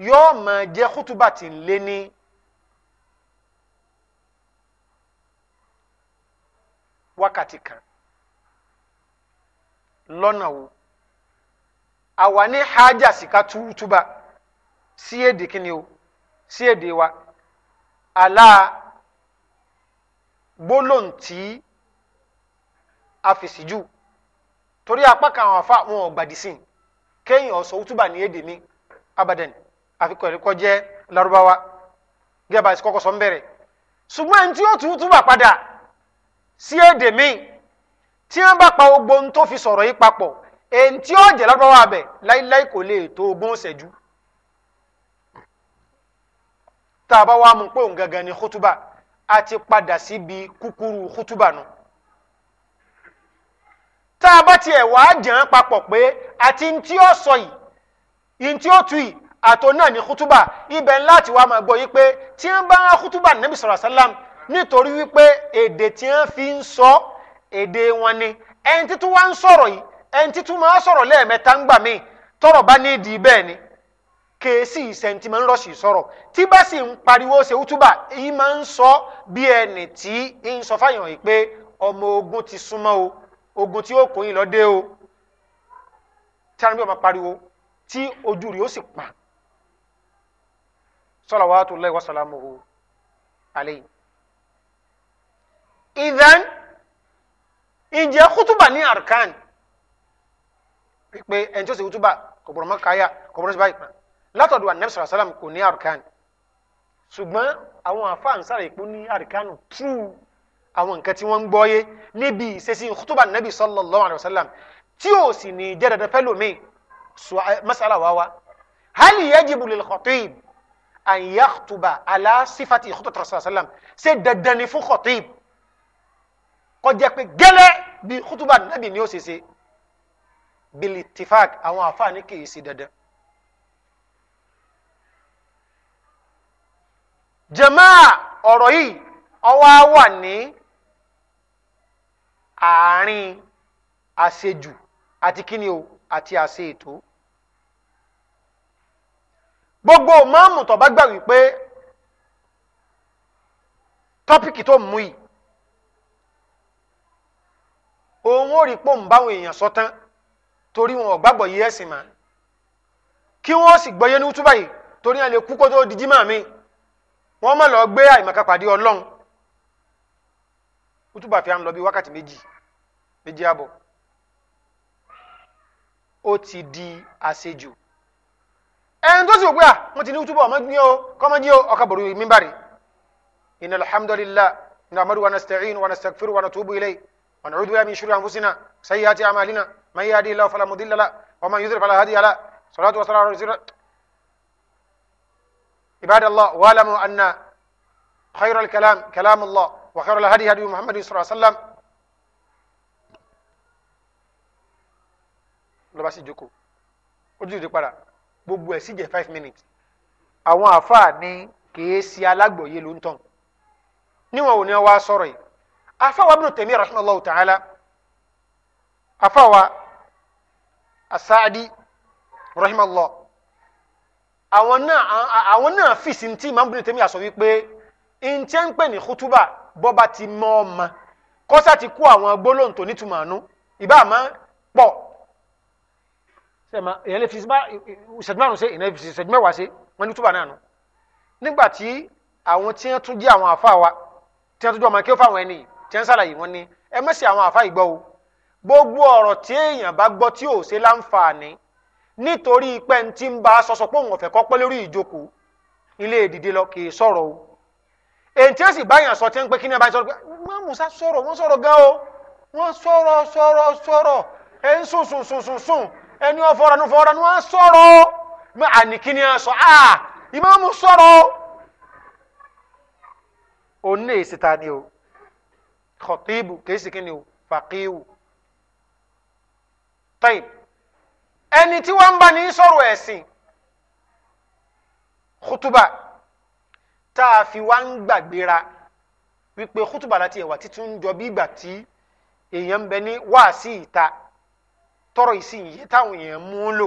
yóò máa jẹ́ kútùbà tí ń lé ní wákàtí kan lọ́nà wo àwa ní hájà sí ká tútúbà sí èdè kíni o sí èdè wa àlá gbólóhùn tí a torí apá kan àwọn afa wọn ò gbàdí sí kéèyàn ọ̀sọ̀ tútúbà ní èdè mi abadan àfikún ẹ̀rí kọ́ jẹ́ Lárúbáwá gẹ́gẹ́ bá kọ́kọ́ sọ ń bẹ̀rẹ̀ ṣùgbọ́n ẹni tí ó tún túbà padà sí èdè míì tí wọ́n bá pa gbogbo ohun tó fi sọ̀rọ̀ yìí papọ̀ èyí tí ó jẹ́ Lárúbáwá abẹ láíláí kò lè tó ogún ṣẹ́jú tá a bá wá mú pé òun gangan ni kútúbà a ti padà síbi kúkúrú kútúbà nu tá a bá tiẹ̀ wá jẹ́ papọ̀ pé àti ntí ó sọ yìí ntí ó tu yìí àtò náà ní kútúbà ibẹ̀ láti wá máa gbọ́ yí pé tí wọ́n bá ń kútúbà níbi sọ̀rọ̀ sálám nítorí wípé èdè tí wọ́n fi ń sọ èdè wọn ni ẹni títún wá ń sọ̀rọ̀ yìí ẹni títún máa sọ̀rọ̀ lẹ́ẹ̀mẹ́ta ń gbà mí tọ̀rọ̀ bá ní ìdí bẹ́ẹ̀ ni kèésì ìsẹ̀ntì máa ń rọ̀ṣì sọ̀rọ̀ tí bá sì ń pariwo ṣe kútúbà yìí máa ń sọ bí ẹni tí ń sọ fáyàn yìí pé ọmọ ogun ti súnmọ́ o ogun tí ó kò yín lọ dé o tí a ní bí ọmọ pariwo tí ojú rẹ̀ ó sì pa salawatullahi الله salamuhu alayhi. ìdán ìjẹ́ kútùbà ní arkan pé ẹni tó ṣe kútùbà كبر ما كايا kò gbọ́dọ̀ لا báyìí pa látọ̀dọ̀ anabi sallallahu alayhi wa sallam kò ní arkan ṣùgbọ́n àwọn àfáànsára ìpó ní àríkánù tú àwọn nǹkan tí wọ́n ń gbọ́yé níbi ìṣesí ìkútùbà nàbì sallallahu alaihi wasallam tí ó sì ní jẹ́ dandan pẹ́lú mi masala wa wa hali yajibu lil khatib an yakhtuba ala sifati khutbat rasulullah sallam ṣe dandan ni fún khatib kó jẹ́ pé gẹ́lẹ́ bí khutba nabi ni ó ṣe ṣe bil ittifaq àwọn àfààní kì í jamaa ọ̀rọ̀ yìí ọwọ́ wà ní àárín àṣejù àti kíni o àti àṣe ètò gbogbo máàmù tó bá gbà wípé tọ́pìkì tó mú yìí òun ò rí pò ń báwọn èèyàn sọ tán torí wọn ò gbàgbọ́ yí ẹ̀sìn mà kí wọ́n sì gbọ́yé ní túbà yìí torí wọn lè kú kó tó di jímọ̀ mi wọ́n mọ̀ lọ gbé àìmọ̀ká pàdé ọlọ́run túbà fi hàn lọ bí wákàtí méjì méjì àbọ̀ ó ti di àṣejù ẹni tó sì wò pé à ah, mo ti ní túbọ̀ ọmọ ní o kọ́mọ ní o ọkà bòrò mi bàrẹ̀ inna alhamdulillah nahmadu wa nasta'in wa nastaghfiru wa natubu ilayhi wa na'udhu billahi min shururi anfusina sayyiati a'malina man yahdihillahu fala mudilla la wa man yudlil fala hadiya la salatu wa salamu ala ibadallah wa'lamu anna khayral kalam kalamullah wa khayral hadi hadi muhammadin sallallahu alaihi wasallam lọ bá sì jókòó ó dìde padà gbogbo ẹ̀ sì jẹ́ five minutes àwọn àáfàá ní kèé sí alágbòye ló ń tàn níwọ̀n òní wa sọ̀rọ̀ yìí àáfàá wa Ibn Taymiyyah rahimahullahu ta'ala àáfàá wa As-Sa'di rahimahullah àwọn náà àwọn náà fìsì ntí Imam Ibn Taymiyyah sọ wípé ntẹ́ ń pè ní kútúbà bọ́ba ti mọ́ ọ ma kọ́sà ti kó àwọn gbólóhùn tó nítumọ̀ àánú ìbá àmọ́ pọ̀ sẹ́mà èèyàn lè fi ìṣẹ́jú márùn-ún ṣe ìnáyẹ̀ fi ìṣẹ́jú mẹ́wàá ṣe wọ́n ní túbà náà nù nígbà tí àwọn tí wọ́n tún jẹ́ àwọn àfa wa tí wọ́n tún jẹ́ ọmọ kí ó fáwọn ẹni tí wọ́n ṣàlàyé wọn ni ẹ má àwọn àfa ìgbọ́ o gbogbo ọ̀rọ̀ tí èèyàn bá gbọ́ tí ò ṣe láǹfààní nítorí pé ń ti ń bá a sọsọ pé òun ọ̀fẹ́ kọ́ pẹ́ lórí ìjókòó ilé ìdìde lọ kì í sọ̀rọ̀ o èyí tí ó sì báyàn sọ tí ń pé kí ni abáyé sọ̀rọ̀ pé má musa sọ̀rọ̀ wọ́n sọ̀rọ̀ gan ẹni ọ̀fọ̀rànù fọ̀rànù á sọ̀rọ̀ mọ àníkíní á sọ ah ìmáàmù sọ̀rọ̀ òun náà èsì ta ni o kọ̀tíìbù kèésì kíni o fàkíìwù tayib ẹni tí wọ́n ń bá ní sọ̀rọ̀ ẹ̀sìn kútùbà tá a fi wá ń gbàgbéra wípé kútùbà láti ẹ̀wà títún jọ bí ìgbà tí èèyàn ń bẹ ní wáàsí ìta tọrọ yìí sì ń yé táwọn èèyàn mú un lò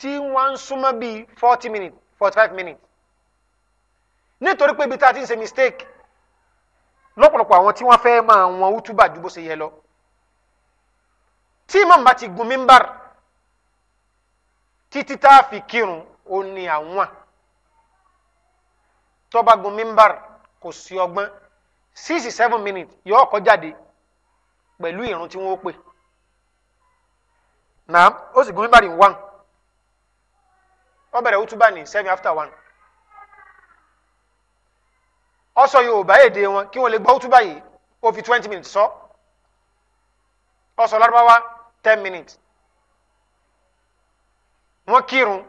tí wọ́n ń bíi forty minutes forty five minutes nítorí pé ibi tá a ti ń ṣe mistake lọ́pọ̀lọpọ̀ àwọn tí wọ́n fẹ́ máa wọn útúbà ju bó ṣe yẹ lọ tí imam ti gun mímbàr títí tá a fi kírun ó ní àwọn tó gun mímbàr kò sí ọgbọ́n six seven minutes yóò kọjáde pẹ̀lú ìrun tí wọ́n ó pè. naam ó sì gun mímbàrí one ó bẹ̀rẹ̀ wútúbà ní seven after one ọ sọ yorùbá èdè wọn kí wọ́n lè gbọ́ wútúbà yìí ó fi twenty minutes sọ ọ sọ lárúbáwá ten minutes wọ́n kírun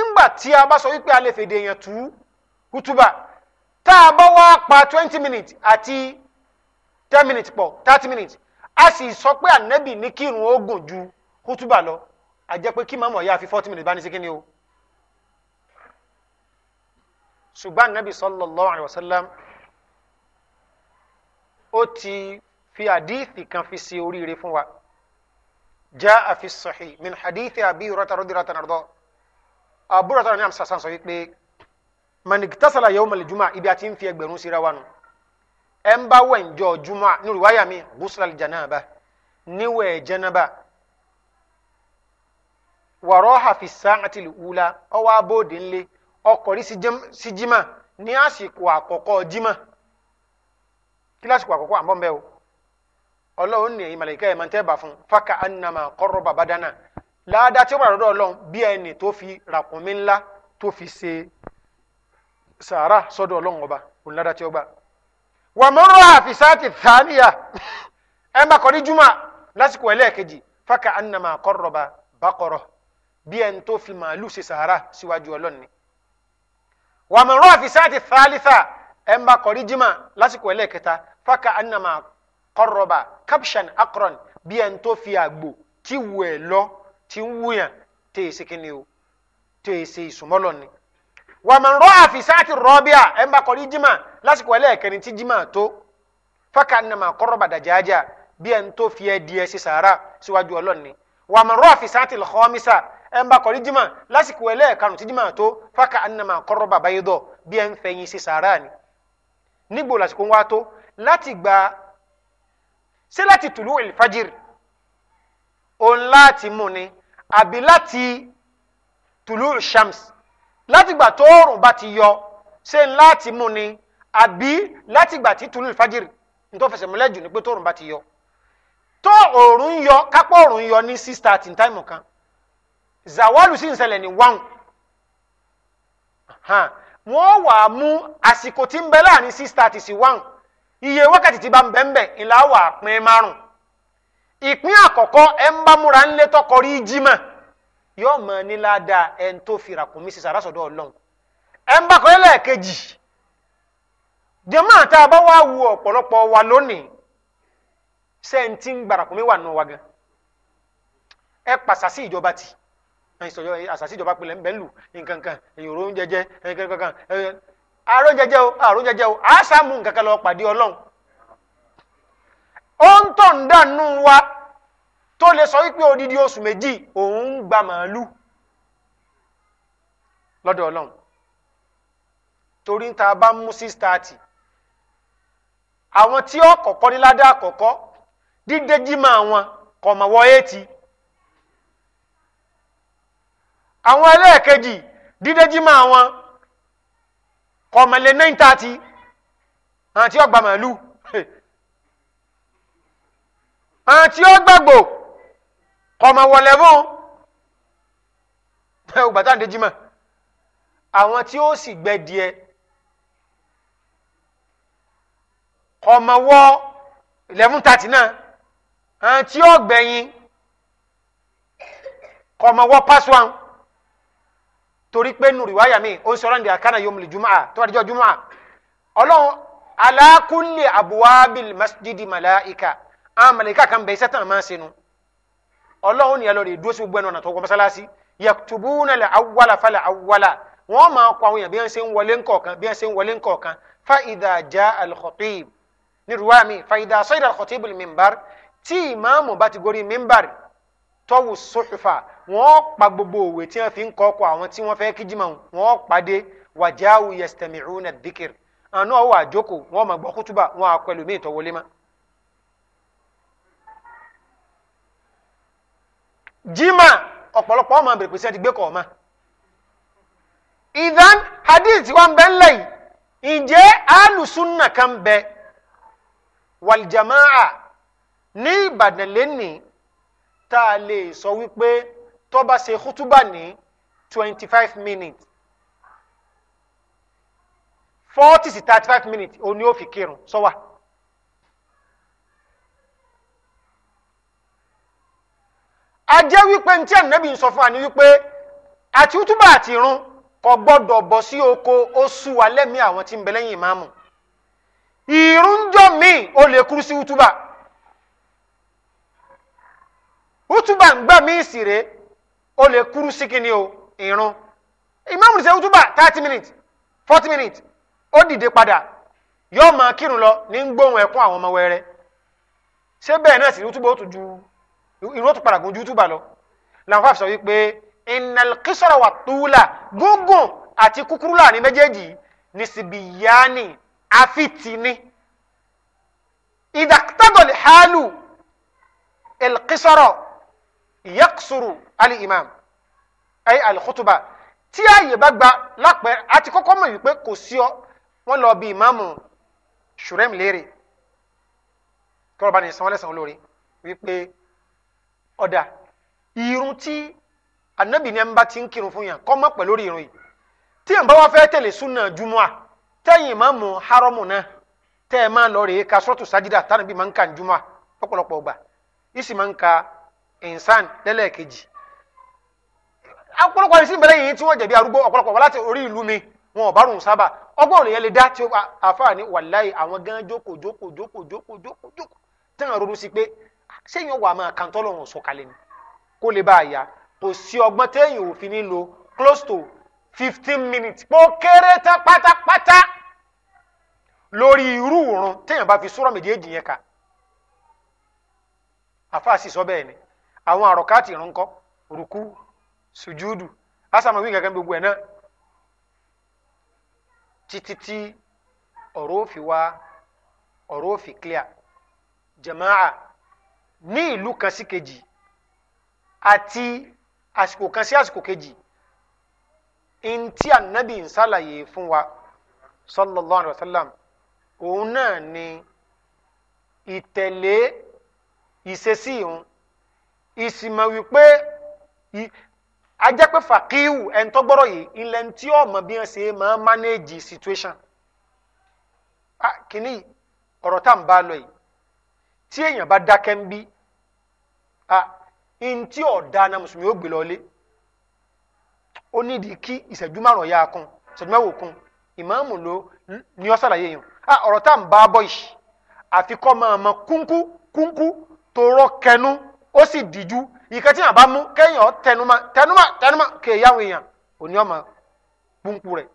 ńgbà tí a bá sọ wípé a lè fèdè èèyàn tú wútúbà tá a bá wá pa twenty minutes àti ten minutes pọ thirty minutes a sì sọ pé ànábì ní kírun ó gùn ju kútúbà lọ a jẹ́ pé kí mọ̀mọ́ yá fi forty minutes bá ní sí kíni o ṣùgbọ́n ànábì sallallahu alayhi wa sallam ó ti fi àdíìtì kan fi ṣe oríire fún wa jaa fi sahih min hadithi abi hurata rodi rata nardo ni amsa san sọ wípé man iktasala yawm ibi àti ń fi ẹgbẹ̀rún síra wa nù ẹ ń bá wẹ̀ ǹjọ́ juma ní riwaya mi ghuslal janaba níwẹ̀ janaba wàrọ̀ hafi sáàtì wula ọwọ́ abóde ńlẹ̀ ọkọ̀rí sí jimá ní àsìkò àkọ́kọ́ jimá kí lásìkò àkọ́kọ́ àbọ̀ mbẹ́ o ọlọ́run ní ẹ̀yin màlàíkà ẹ̀ máa tẹ́ bá fún fáka annama qarraba badana láàdá tí ó wà lọ́dọ̀ ọlọ́run bí ẹni tó fi ràkúnmí ńlá tó fi ṣe sàárà sọ́dọ̀ ọlọ́run ọba òun láàdá tí ó gbà wà mọ́rọ́ àfisáàtì thaniya ẹ má kọ́ ní juma lásìkò ẹlẹ́ẹ̀kejì fáka annama qarraba baqara bí ẹni tó fi màálù ṣe sàárà síwájú ọlọ́ni wà mọ́rọ́ àfisáàtì thalitha ẹ má kọ́ ní juma lásìkò ẹlẹ́ẹ̀kẹta fáka annama qarraba kabshan akron bí ẹni tó fi àgbò tí wù ẹ lọ tí ń wúyàn tèèsì kíni o tèèsì ìsúnmọ́lọ́ni wàmàn rọ àfisàtì rọbíà ẹ̀ ń bá kọ́rí jimá lásìkò ẹlẹ́ẹ̀kẹrin tí jimá tó fákà nàmà kọ́rọ̀bà dàjájà bí ẹ̀ ń tó fi ẹ̀ di ẹ̀ sí sàárà síwájú ọlọ́ọ̀ni wàmàn rọ àfisàtì lọ́kọ́mísà ẹ̀ ń bá kọ́rí jimá lásìkò ẹlẹ́ẹ̀karùn tí jimá tó fákà nàmà kọ́rọ̀bà báyìdọ̀ bí ẹ̀ fẹ̀yìn sí sàárà ni. nígbò lásìkò wa tó láti gba ṣé láti tùlú ìfàjìr òun láti mú ni àbí láti tùlú shams látìgbà tó oòrùn bá ti yọ ṣé ń láti mú ni àbí látìgbà tí tùlù fàjìrì nítorí fẹsẹ̀ múlẹ̀ jù ni pé tó oòrùn bá ti yọ tó oòrùn ń yọ kápọ̀ oòrùn ń yọ ní six thirty ní táìmù kan zawalu sì ń ṣẹlẹ̀ ní one wọ́n wà á mú àsìkò tí ń bẹ láàrin six thirty sí one iye wákàtí tí bá ń bẹ́ńbẹ́ ńlá wà á pín márùn-ún ìpín àkọ́kọ́ ẹ̀ ń bá múra ńlẹ́tọ́kọrí jímọ̀ yóò mọ níláàdá ẹni tó fi ràkúnmí sísá lásọ̀dọ̀ ọlọ́run ẹ̀ ń bá kọ́ lẹ́ẹ̀kejì jẹ́mọ́ tá a bá wá wu ọ̀pọ̀lọpọ̀ wa lónìí sẹ́ńtì ń gba ràkúnmí wà nù wa gan ẹ pàṣásí ìjọba tì àṣàṣì ìjọba pilẹ̀ ń bẹ́ lù nǹkan kan èrò oúnjẹ nǹkan kan àrò jẹjẹ o àrò jẹjẹ o àṣà mú nǹkan kan lọ pàdé ọlọ́run ó ń tọ̀ ń dànù wa tó lè sọ wípé odidi oṣù méjì òun ń gba màálù lọ́dọ̀ ọlọ́run torí ta bá mú sí stáàtì àwọn tí ó kọ̀kọ́ ní ládàá àkọ́kọ́ dídé jímọ̀ àwọn kọ̀mọ̀wọ́ eighty àwọn ẹlẹ́ẹ̀kejì dídé jímọ̀ àwọn kọ̀mọ̀lẹ́ nine thirty àwọn tí ó gba màálù àwọn tí ó gbàgbọ́ kọmọ wọlé mú ògbà tá à ń dé jimá àwọn tí ó sì gbẹ díẹ̀ kọmọ wọ eleven thirty náà àwọn tí ó gbẹ̀yìn kọmọ wọ pass one torí pé nùrìwáyà mi ó ń sọ ọ́nàdì àkànnà yóò múlẹ̀ jùmọ̀ tó wà díjọ́ jùmọ̀ ọlọ́run ala kulli abuwabil masjidi malaika àwọn malaika kan bẹ̀ iṣẹ́ tán máa ń ṣe No ọlọ́run ni ẹ lọ́ọ́ rè dúró sí gbogbo ẹnu ọ̀nà tó kọ́ mọ́sálásí yaktubuna la awwala fala awwala wọ́n máa kọ àwọn èèyàn bí wọ́n ṣe ń wọlé ńkọ̀ọ̀kan bí wọ́n ṣe ń wọlé ńkọ̀ọ̀kan fa idha ja al-khatib ní ruwa mi fa idha sayida al-khatib al-mimbar tí ìmáàmù bá ti gorí mimbar tọ́wù sọ́fìfà wọ́n pa gbogbo òwe tí wọ́n fi ń kọ́ ọkọ̀ àwọn tí wọ́n fẹ́ kíjìmọ̀ wọ́n pàdé wàjáwù yastami'una adh-dhikr àánú ọ̀wọ́ àjókòó wọ́n máa gbọ́ kútúbà wọ́n á pẹ̀lú míì tọ́wọlé máa. jimá ọ̀pọ̀lọpọ̀ ọmọ àbẹ̀rẹ̀ pèsè àdìgbé kọ̀ọ̀ma ìdán hadith wa ń bẹ ńlẹ̀ yìí ǹjẹ́ alùsùnà kan bẹ wàlìjàmáà ní ìbàdàn lẹ́nì tá a lè sọ wípé tó bá ṣe kútúbà ní twenty five minutes forty to thirty five minutes òní ó fi kírun sọ wà. So a jẹ́ wípé ntí ànábì ń sọ fún wa ni wípé àti útúbà àti irun kò gbọ́dọ̀ bọ̀ sí oko ó sú wa lẹ́mìí àwọn tí ń bẹ lẹ́yìn ìmáàmù ìrúnjọ míì ó lè kúrú sí útúbà útúbà ń gbà míì sì rèé ó lè kúrú sí kíni o irun ìmáàmù ṣe útúbà thirty minutes forty minutes ó dìde padà yóò máa kírun lọ ní gbóhùn ẹkún àwọn ọmọ wẹrẹ ṣé bẹ́ẹ̀ náà sì rí útúbà ó tún ju ìró tó padà gun jútùbà lọ làwọn fàfisọ wípé ìnàlkísọ̀rọ̀ wà túlà gúngùn àti kúkúrú láàrin méjèèjì ní sibiyani àfitìní ìdàkítàdọ̀lì hálù ìlkísọ̀rọ̀ ìyẹ́kùsùrù alì imam ayé alìkútùbà tí ààyè bá gba lápẹ́ àti kọ́kọ́ mọ̀ wípé kò sí ọ wọ́n lọ bí ìmáàmù ṣùrẹ́m léèrè kí ní sanwó lẹ́sàn-án wípé ọ̀dà irun tí anabi ní ẹnba ti ń kírun fún yàn kọ́ mọ́ pẹ̀lú orí irun yìí tí ẹ̀ ń fẹ́ tẹ̀lé súnà jumua tẹ́yìn máa mú haramu náà tẹ́ ẹ máa lọ rèé ka sọ́tù sájídà tánàbí máa ń ka jumua lọ́pọ̀lọpọ̀ ọgbà ìsì máa ń ka ìnsán lẹ́lẹ́ẹ̀kejì ọ̀pọ̀lọpọ̀ àìsí ìbẹ̀rẹ̀ yìí tí wọ́n jẹ̀bi arúgbó ọ̀pọ̀lọpọ̀ wá láti orí ìlú mi wọn ò bá rùn sábà ọgbọ́n òlìyẹn lè dá tí àfáà ní wàláì àwọn gan jókòó jókòó jókòó jókòó jókòó tí wọ́n ronú sí pé sẹ́yìn wà máa kàn tọ́lọ́run sọ̀kalẹ̀ ni kó lè bá a yá kò sí ọgbọ́n téèyàn ò ní lo close to fifteen minutes pó kéré tán pátápátá lórí irú òrùn téèyàn bá fi súrà méjèèjì yẹn kà àfáàsì sọ bẹ́ẹ̀ ni àwọn àròkàtì ìrànkọ́ rùkú sùjúdù asàmọ̀wí kankan gbogbo ẹ̀ náà títí tí ọ̀rọ̀ òfì wá ọ̀rọ̀ òfì clear jama'a ní ìlú kan sí kejì àti àsìkò kan sí àsìkò kejì ntí ànábì ń ṣàlàyé fún wa sallallahu alayhi wa sallam òun náà ni ìtẹ̀lé ìṣesí ìhun ìsìmọ̀ wípé ajẹ́ pé fàkíwù ẹni tó gbọ́rọ̀ yìí ilẹ̀ tí ó bí wọ́n ṣe máa manage situation kìíní ọ̀rọ̀ tá à ń bá lọ yìí tí èèyàn bá dákẹ́ ń bí ah ntí ọ̀dà náà mùsùlùmí ó ọle, lọ́lé ó nídìí kí ìṣẹ́jú ya kún ìṣẹ́jú mẹ́wòó kún ìmáàmù ló ní ọ́ sàlàyé a bọ̀ yìí máa kúnkú kúnkú kẹnu ó sì dìjú ìkẹ́ tí yàrá bá mú kéèyàn tẹnuma tẹnuma tẹnuma kéèyàn èèyàn òní ọmọ kúnkú rẹ̀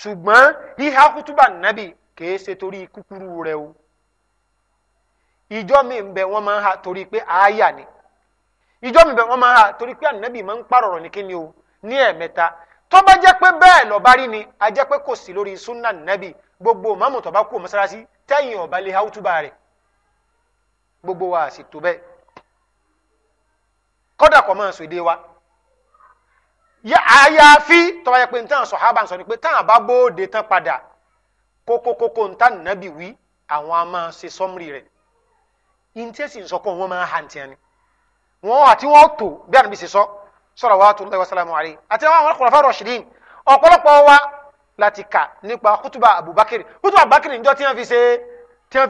ṣùgbọ́n híhá kútúbà nàbì kèé ṣe torí kúkúrú rẹ̀ o ìjọ mi ń bẹ ha torí pé àáyà ni ìjọ mi bẹ wọn máa torí pé ànábì máa ń pàrọ̀rọ̀ ní kíni o ní ẹ̀ẹ̀mẹ́ta tó bá jẹ́ pé bẹ́ẹ̀ lọ́ba rí ni a jẹ́ pé kò sí lórí sunna nàbì gbogbo mọ́mù tó bá kú mọ́sálásí tẹ́yìn ọ̀bá lè haútúbà rẹ̀ gbogbo wa sì tó bẹ́ẹ̀ kódà kọ́ máa sọ èdè wa àyàfi tó bá jẹ́ pé nǹkan sọ̀hábà ń sọ ni pé táwọn bá bóde tán padà kókókókó nǹkan nàbì wí àwọn a máa ṣe sọ́mùrì rẹ̀ ìǹtẹ́sì ń sọ pé wọ́n máa ni wọn àti wọn tó bí ànàbí sì sọ sọ̀rọ̀ wa tó lọ́wọ́ sálámù àlẹ́ àti àwọn àwọn khulafa rashidin ọ̀pọ̀lọpọ̀ wa láti kà nípa kútùbà Abubakar kútùbà Abubakar níjọ́ tí wọ́n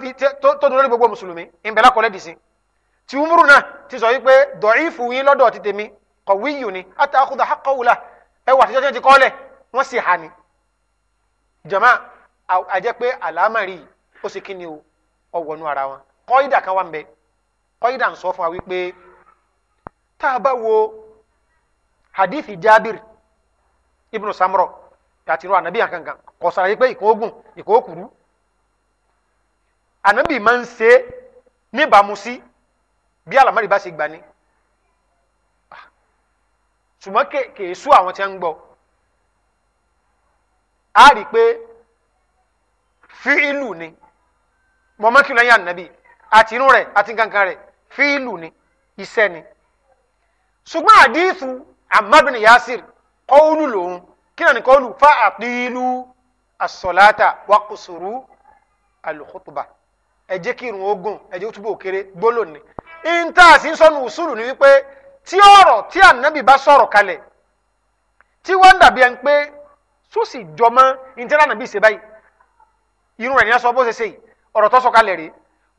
fi ṣe tó dúró lórí gbogbo mùsùlùmí ìbẹ̀lá kọ́lẹ́ dì sí ti Umaru náà ti sọ wípé dọ̀ífù yín lọ́dọ̀ ti tèmi kọ̀wíyù ni àti àkúdà àkọ́wùlà ẹwà àtijọ́ tí wọ́n ti kọ́lẹ̀ wọ́n sì hà ní. jama àjẹ́ pé àlámàrí ó sì kí ni o ara wọn kọ́ídà kan wà ń bẹ kọ́ídà ń sọ fún wa wípé tá a bá jabir Ibn samro àti irú anabi àkànkàn kò sara yìí pé ìkóògùn ìkóòkùrú anabi máa ń ṣe níbàámu sí bí alamari bá ṣe gbà ní ṣùgbọ́n kèé sú àwọn tí wọ́n ń gbọ́ a rí i pé fíìlù ni mọ̀mọ́kìlọ́yìn anabi àti inú rẹ̀ àti kankan rẹ̀ fíìlù ni iṣẹ́ ni ṣùgbọ́n àdìsù àmàbìnrin yasir kọ́ọ̀lù lòun kí nàní kọ́ọ̀lù fa àpìlú asọ̀láta wa kùsùrù alùkùtùbà ẹ jẹ́ kí irun ogun ẹ jẹ́ túbọ̀ kéré gbólò ni. ìntà sí ń sọnù usulu ni wípé tí ọ̀rọ̀ tí ànábì bá sọ̀rọ̀ kalẹ̀ tí wọ́n dàbí ẹni pé sósì jọmọ́ ìntẹ́lá ànábì ṣe báyìí irun rẹ̀ ní aṣọ bó ṣe ṣe ọ̀rọ̀ tó sọ kalẹ̀ rèé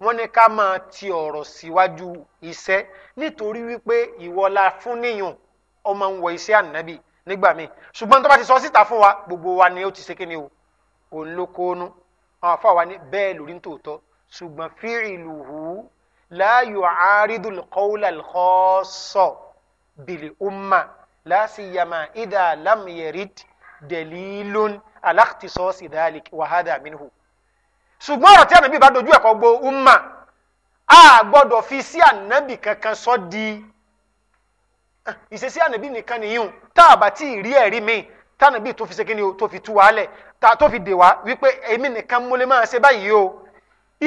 wọ́n ní ká máa ti ọ̀rọ̀ síwájú iṣẹ́ nítorí wípé ìwọlá fún níyàn ọmọ ń wọ iṣẹ́ ànábì nígbà míì ṣùgbọ́n tó bá ti sọ síta fún wa gbogbo wa ni ó ti ṣe kíni o òun ló kóónú àwọn afọ àwa ní bẹ́ẹ̀ lórí ń tòótọ́ ṣùgbọ́n fíìlùhù láàyò àárídùn kọ́ọ́lá lọ́sọ̀ bìlì umma láṣìyàmà ìdá lámìyẹ̀rìd dẹ̀lílùn aláàtìsọ́ọ̀sì dáàlì wàhádà mìíràn ṣùgbọ́n ọ̀rọ̀ tí ànábì bá dojú ẹ̀kọ́ gbo umma a gbọ́dọ̀ fi sí ànábì kankan sọ di ìṣesí ànábì nìkan nìyíùn tá a bá tí ì rí ẹ̀rí mi tànàbì tó fi ṣe kíni o tó fi tú wa lẹ̀ tá tó fi dè wá wípé èmi nìkan mo máa ṣe báyìí o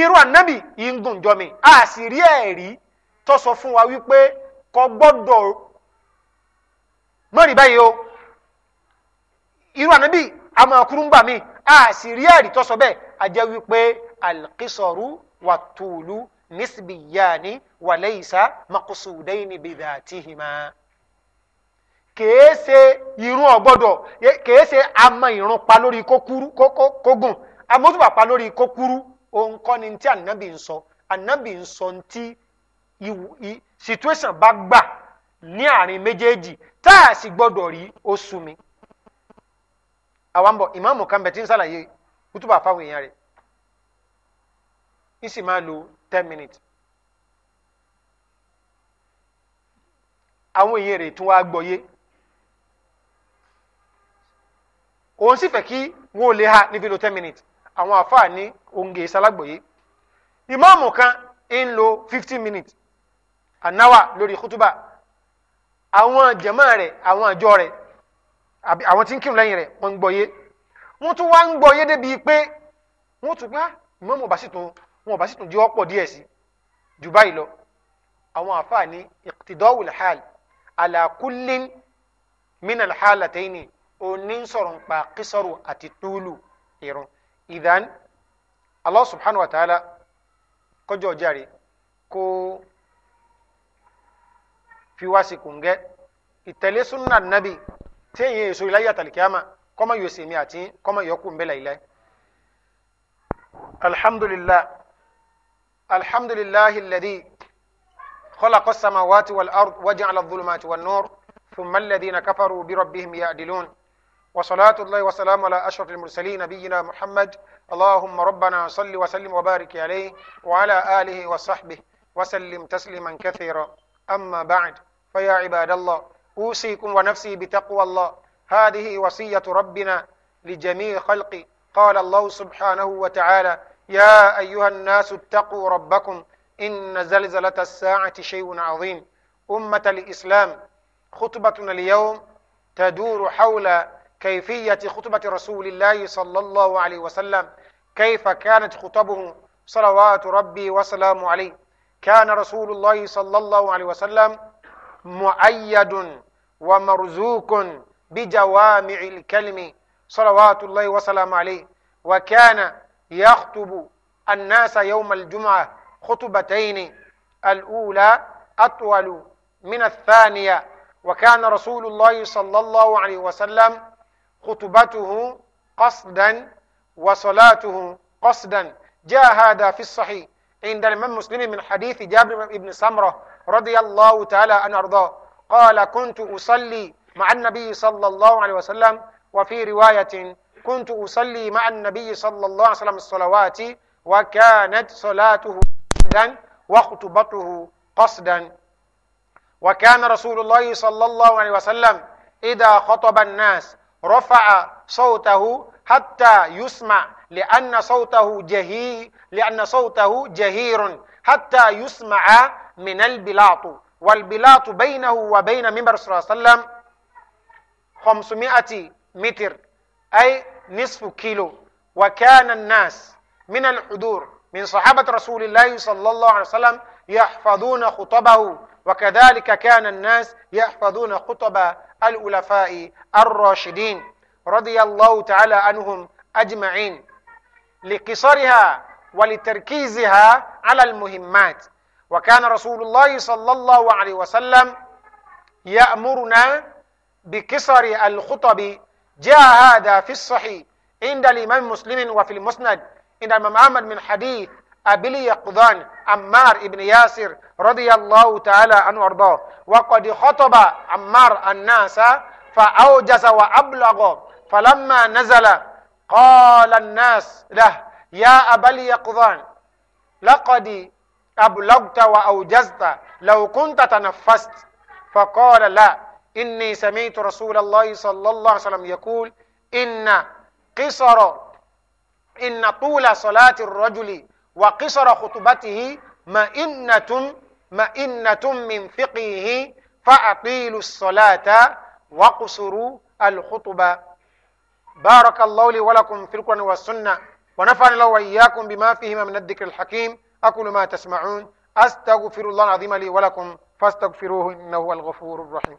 irú ànábì yìí ń gùn jọ mi a sì rí ẹ̀rí tó sọ fún wa wípé kò gbọ́dọ̀ mọ́rì báyìí o irú ànábì àmọ́ kúrúǹgbà mi a sì rí ẹ̀rí tó sọ bẹ́ẹ̀ ajẹ́ wípé alkisoru wà tùlù nisbiyani wà laysa maqsudayni bidhatihima kèése irun ọ̀gbọ́dọ̀ kèése àmọ́ irun pa lórí kógùn amótùbà pa lórí kókúrú òun kọ́ ni ti ànábì ń sọ ànábì ń sọ ti situation bá gbà ní àárín méjèèjì tá a sì gbọ́dọ̀ rí oṣù mi. àwọn àbọ̀ ìmáàmù tí ń ṣàlàyé kútùbà fáwọn èèyàn rẹ̀ ní sì máa lo ten minutes àwọn èèyàn rẹ̀ tún wá gbọ́yé òun sì fẹ́ kí wọn ò lè ha níbi lo ten minutes àwọn àfáà ní oúnjẹ ìsalágbòye ìmáàmù kan ń lo fifteen minutes anáwà lórí kútùbà àwọn jàmáà rẹ̀ àwọn àjọ rẹ̀ àwọn tí ń kírun lẹ́yìn rẹ̀ wọ́n ń gbọ́yé wọ́n tún wá ń gbọ́ yé débi pé wọ́n tún gbá ìmọ̀mù ọba sì tún wọn ọba sì tún di ọ̀pọ̀ díẹ̀ sí jù báyìí lọ àwọn àfààní iqtida'u al-hal ala kullin min al-halataini òní kísọ̀rọ̀ àti túlù ìrun ìdán Allah subhanahu wa ta'ala kọjọ́ jàre kó fi wá sí kùngẹ́ ìtẹ̀lé sunna nabi tí èyí èso ìláyà tàlìkíyàmá. kọ́mọ yóò sèmi àti kọ́mọ yọkù mbẹ́ láìláì. alhamdulillah alhamdulillahi alladhi khalaqa as-samawati wal ard wa ja'ala adh-dhulumati wan nur thumma alladhina kafaru bi rabbihim ya'dilun wa salatu allahi wa salamu ala ashrafil mursalin nabiyyina muhammad اللهم ربنا صل وسلم وبارك عليه وعلى آله وصحبه وسلم تسليما كثيرا أما بعد فيا عباد الله أوصيكم ونفسي بتقوى الله هذه وصية ربنا لجميع خلقه قال الله سبحانه وتعالى يا أيها الناس اتقوا ربكم إن زلزلة الساعة شيء عظيم أمة الإسلام خطبتنا اليوم تدور حول كيفية خطبة رسول الله صلى الله عليه وسلم كيف كانت خطبه صلوات ربي وسلامه عليه كان رسول الله صلى الله عليه وسلم مؤيد ومرزوق بجوامع الكلم صلوات الله وسلامه عليه وكان يخطب الناس يوم الجمعة خطبتين الأولى أطول من الثانية وكان رسول الله صلى الله عليه وسلم خطبته قصدا وصلاته قصدا جاء هذا في الصحيح عند الإمام مسلم من حديث جابر بن سمرة رضي الله تعالى عنه أرضاه قال كنت أصلي مع النبي صلى الله عليه وسلم وفي رواية كنت أصلي مع النبي صلى الله عليه وسلم الصلوات وكانت صلاته قصدا وخطبته قصدا وكان رسول الله صلى الله عليه وسلم إذا خطب الناس رفع صوته حتى يسمع لأن صوته جهي لأن صوته جهير حتى يسمع من البلاط والبلاط بينه وبين منبر صلى الله عليه وسلم 500 متر أي نصف كيلو وكان الناس من الحضور من صحابة رسول الله صلى الله عليه وسلم يحفظون خطبه وكذلك كان الناس يحفظون خطب الألفاء الراشدين رضي الله تعالى عنهم أجمعين لقصرها ولتركيزها على المهمات وكان رسول الله صلى الله عليه وسلم يأمرنا بكسر الخطب جاء هذا في الصحيح عند الإمام مسلم وفي المسند عند الإمام أحمد من حديث أبي اليقظان عمار بن ياسر رضي الله تعالى عنه وأرضاه وقد خطب عمار الناس فأوجس وأبلغ فلما نزل قال الناس له يا أبا اليقظان لقد أبلغت وأوجزت لو كنت تنفست فقال لا إني سمعت رسول الله صلى الله عليه وسلم يقول إن قصر إن طول صلاة الرجل وقصر خطبته مئنة مئنة من فقهه فأطيلوا الصلاة وقصروا الخطبة بارك الله لي ولكم في القرآن والسنة ونفعني الله وإياكم بما فيهما من الذكر الحكيم أقول ما تسمعون أستغفر الله العظيم لي ولكم فاستغفروه إنه هو الغفور الرحيم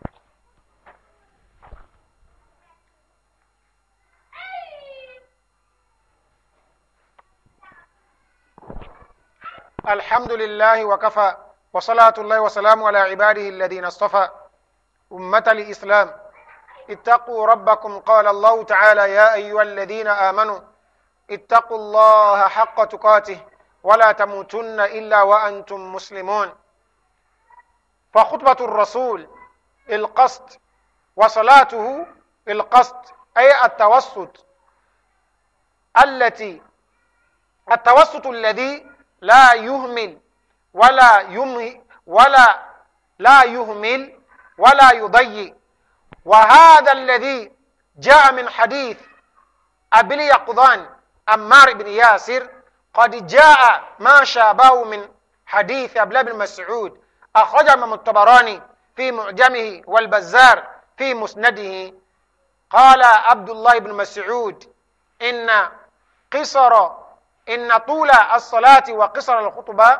الحمد لله وكفى وصلاة الله وسلام على عباده الذين اصطفى أمة الإسلام اتقوا ربكم قال الله تعالى يا أيها الذين آمنوا اتقوا الله حق تقاته ولا تموتن إلا وأنتم مسلمون فخطبة الرسول القصد وصلاته القصد أي التوسط التي التوسط الذي لا يهمل ولا يمي ولا لا يهمل ولا يضيع وهذا الذي جاء من حديث أبي اليقظان أمار بن ياسر قد جاء ما شابه من حديث أبلا بن مسعود أخرج من الطبراني في معجمه والبزار في مسنده قال عبد الله بن مسعود إن قصر إن طول الصلاة وقصر الخطبة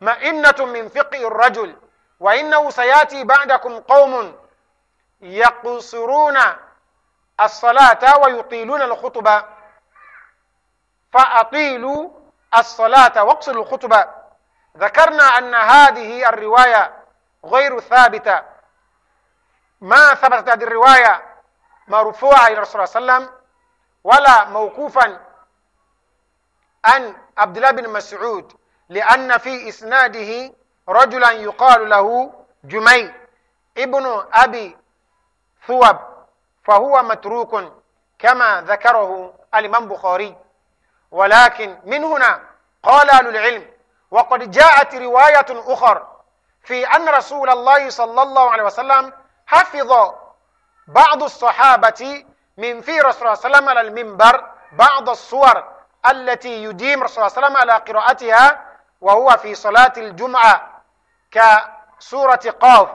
مئنة من فقه الرجل وإنه سيأتي بعدكم قوم يقصرون الصلاة ويطيلون الخطبة فأطيلوا الصلاة واقصروا الخطبة ذكرنا أن هذه الرواية غير ثابتة ما ثبتت هذه الرواية مرفوعة إلى الرسول صلى الله عليه وسلم ولا موقوفا عن عبد الله بن مسعود لأن في إسناده رجلا يقال له جمي ابن أبي ثوب فهو متروك كما ذكره الإمام بخاري ولكن من هنا قال أهل العلم وقد جاءت رواية أخرى في أن رسول الله صلى الله عليه وسلم حفظ بعض الصحابة من في رسول الله صلى الله عليه وسلم على المنبر بعض الصور التي يديم رسول الله صلى الله عليه وسلم على قراءتها وهو في صلاة الجمعة كسورة قاف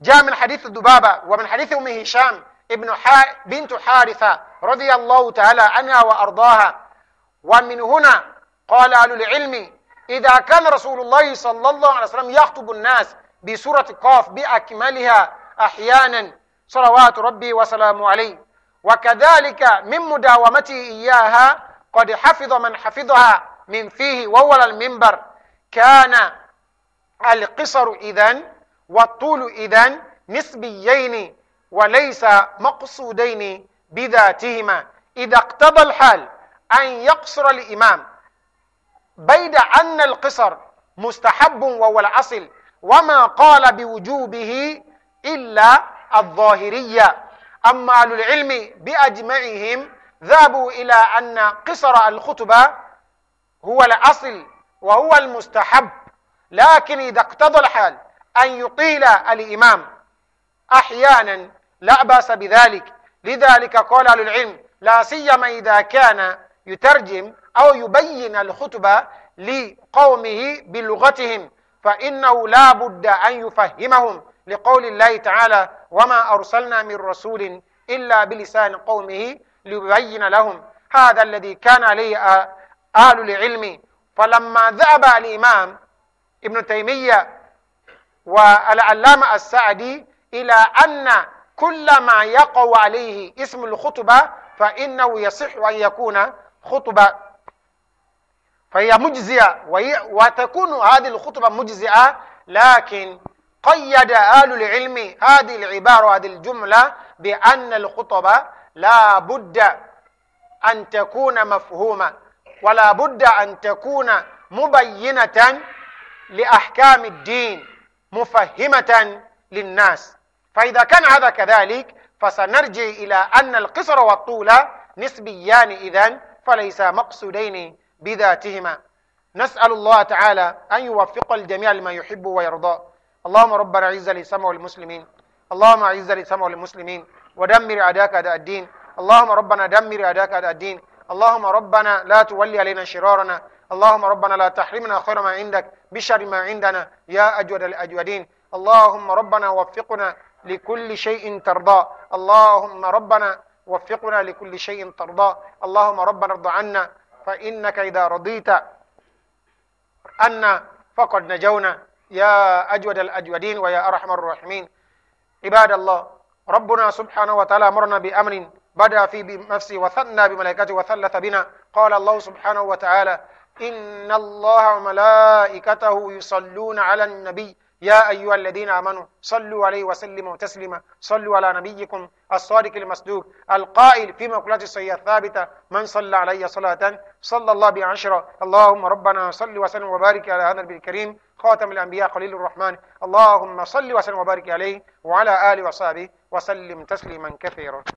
جاء من حديث الذبابة ومن حديث أم هشام ابن حا بنت حارثة رضي الله تعالى عنها وأرضاها ومن هنا قال أهل العلم إذا كان رسول الله صلى الله عليه وسلم يخطب الناس بسورة قاف بأكملها أحيانا صلوات ربي وسلامه عليه وكذلك من مداومته إياها قد حفظ من حفظها من فيه وول المنبر كان القصر إذن والطول إذن نسبيين وليس مقصودين بذاتهما إذا اقتضى الحال أن يقصر الإمام بيد أن القصر مستحب وهو الأصل وما قال بوجوبه إلا الظاهرية أما أهل العلم بأجمعهم ذهبوا إلى أن قصر الخطبة هو الأصل وهو المستحب لكن إذا اقتضى الحال أن يطيل الإمام أحيانا لا بأس بذلك لذلك قال أهل العلم لا سيما إذا كان يترجم أو يبين الخطبة لقومه بلغتهم فإنه لا بد أن يفهمهم لقول الله تعالى وما أرسلنا من رسول إلا بلسان قومه ليبين لهم هذا الذي كان عليه أهل العلم فلما ذهب الإمام ابن تيمية والعلامة السعدي إلى أن كل ما يقع عليه اسم الخطبة فإنه يصح أن يكون خطبة فهي مجزئة وتكون هذه الخطبة مجزئة لكن قيد أهل العلم هذه العبارة وهذه الجملة بأن الخطبة لا بد أن تكون مفهومة ولا بد أن تكون مبينة لأحكام الدين مفهمة للناس فإذا كان هذا كذلك فسنرجع إلى أن القصر والطول نسبيان إذن فليس مقصودين بذاتهما نسأل الله تعالى أن يوفق الجميع لما يحب ويرضى اللهم ربنا عز لسمع المسلمين اللهم عز لسمع المسلمين ودمر أعداءك أعداء الدين اللهم ربنا دمر أعداءك أعداء الدين اللهم ربنا لا تولي علينا شرارنا اللهم ربنا لا تحرمنا خير ما عندك بشر ما عندنا يا أجود الأجودين اللهم ربنا وفقنا لكل شيء ترضى اللهم ربنا وفقنا لكل شيء ترضى اللهم ربنا ارضى عنا فإنك إذا رضيت عنا فقد نجونا يا أجود الأجودين ويا أرحم الراحمين عباد الله ربنا سبحانه وتعالى أمرنا بأمر بدأ فيه بنفسه وثنى بملائكته وثلث بنا قال الله سبحانه وتعالى إن الله وملائكته يصلون على النبي يا أيها الذين آمنوا صلوا عليه وسلموا تسليما صلوا على نبيكم الصادق المصدوق القائل في مقولات السيئة الثابتة من صلى علي صلاة صلى الله بعشرة اللهم ربنا صل وسلم وبارك على هذا النبي الكريم خاتم الأنبياء خليل الرحمن اللهم صل وسلم وبارك عليه وعلى آله وصحبه وسلم تسليما كثيرا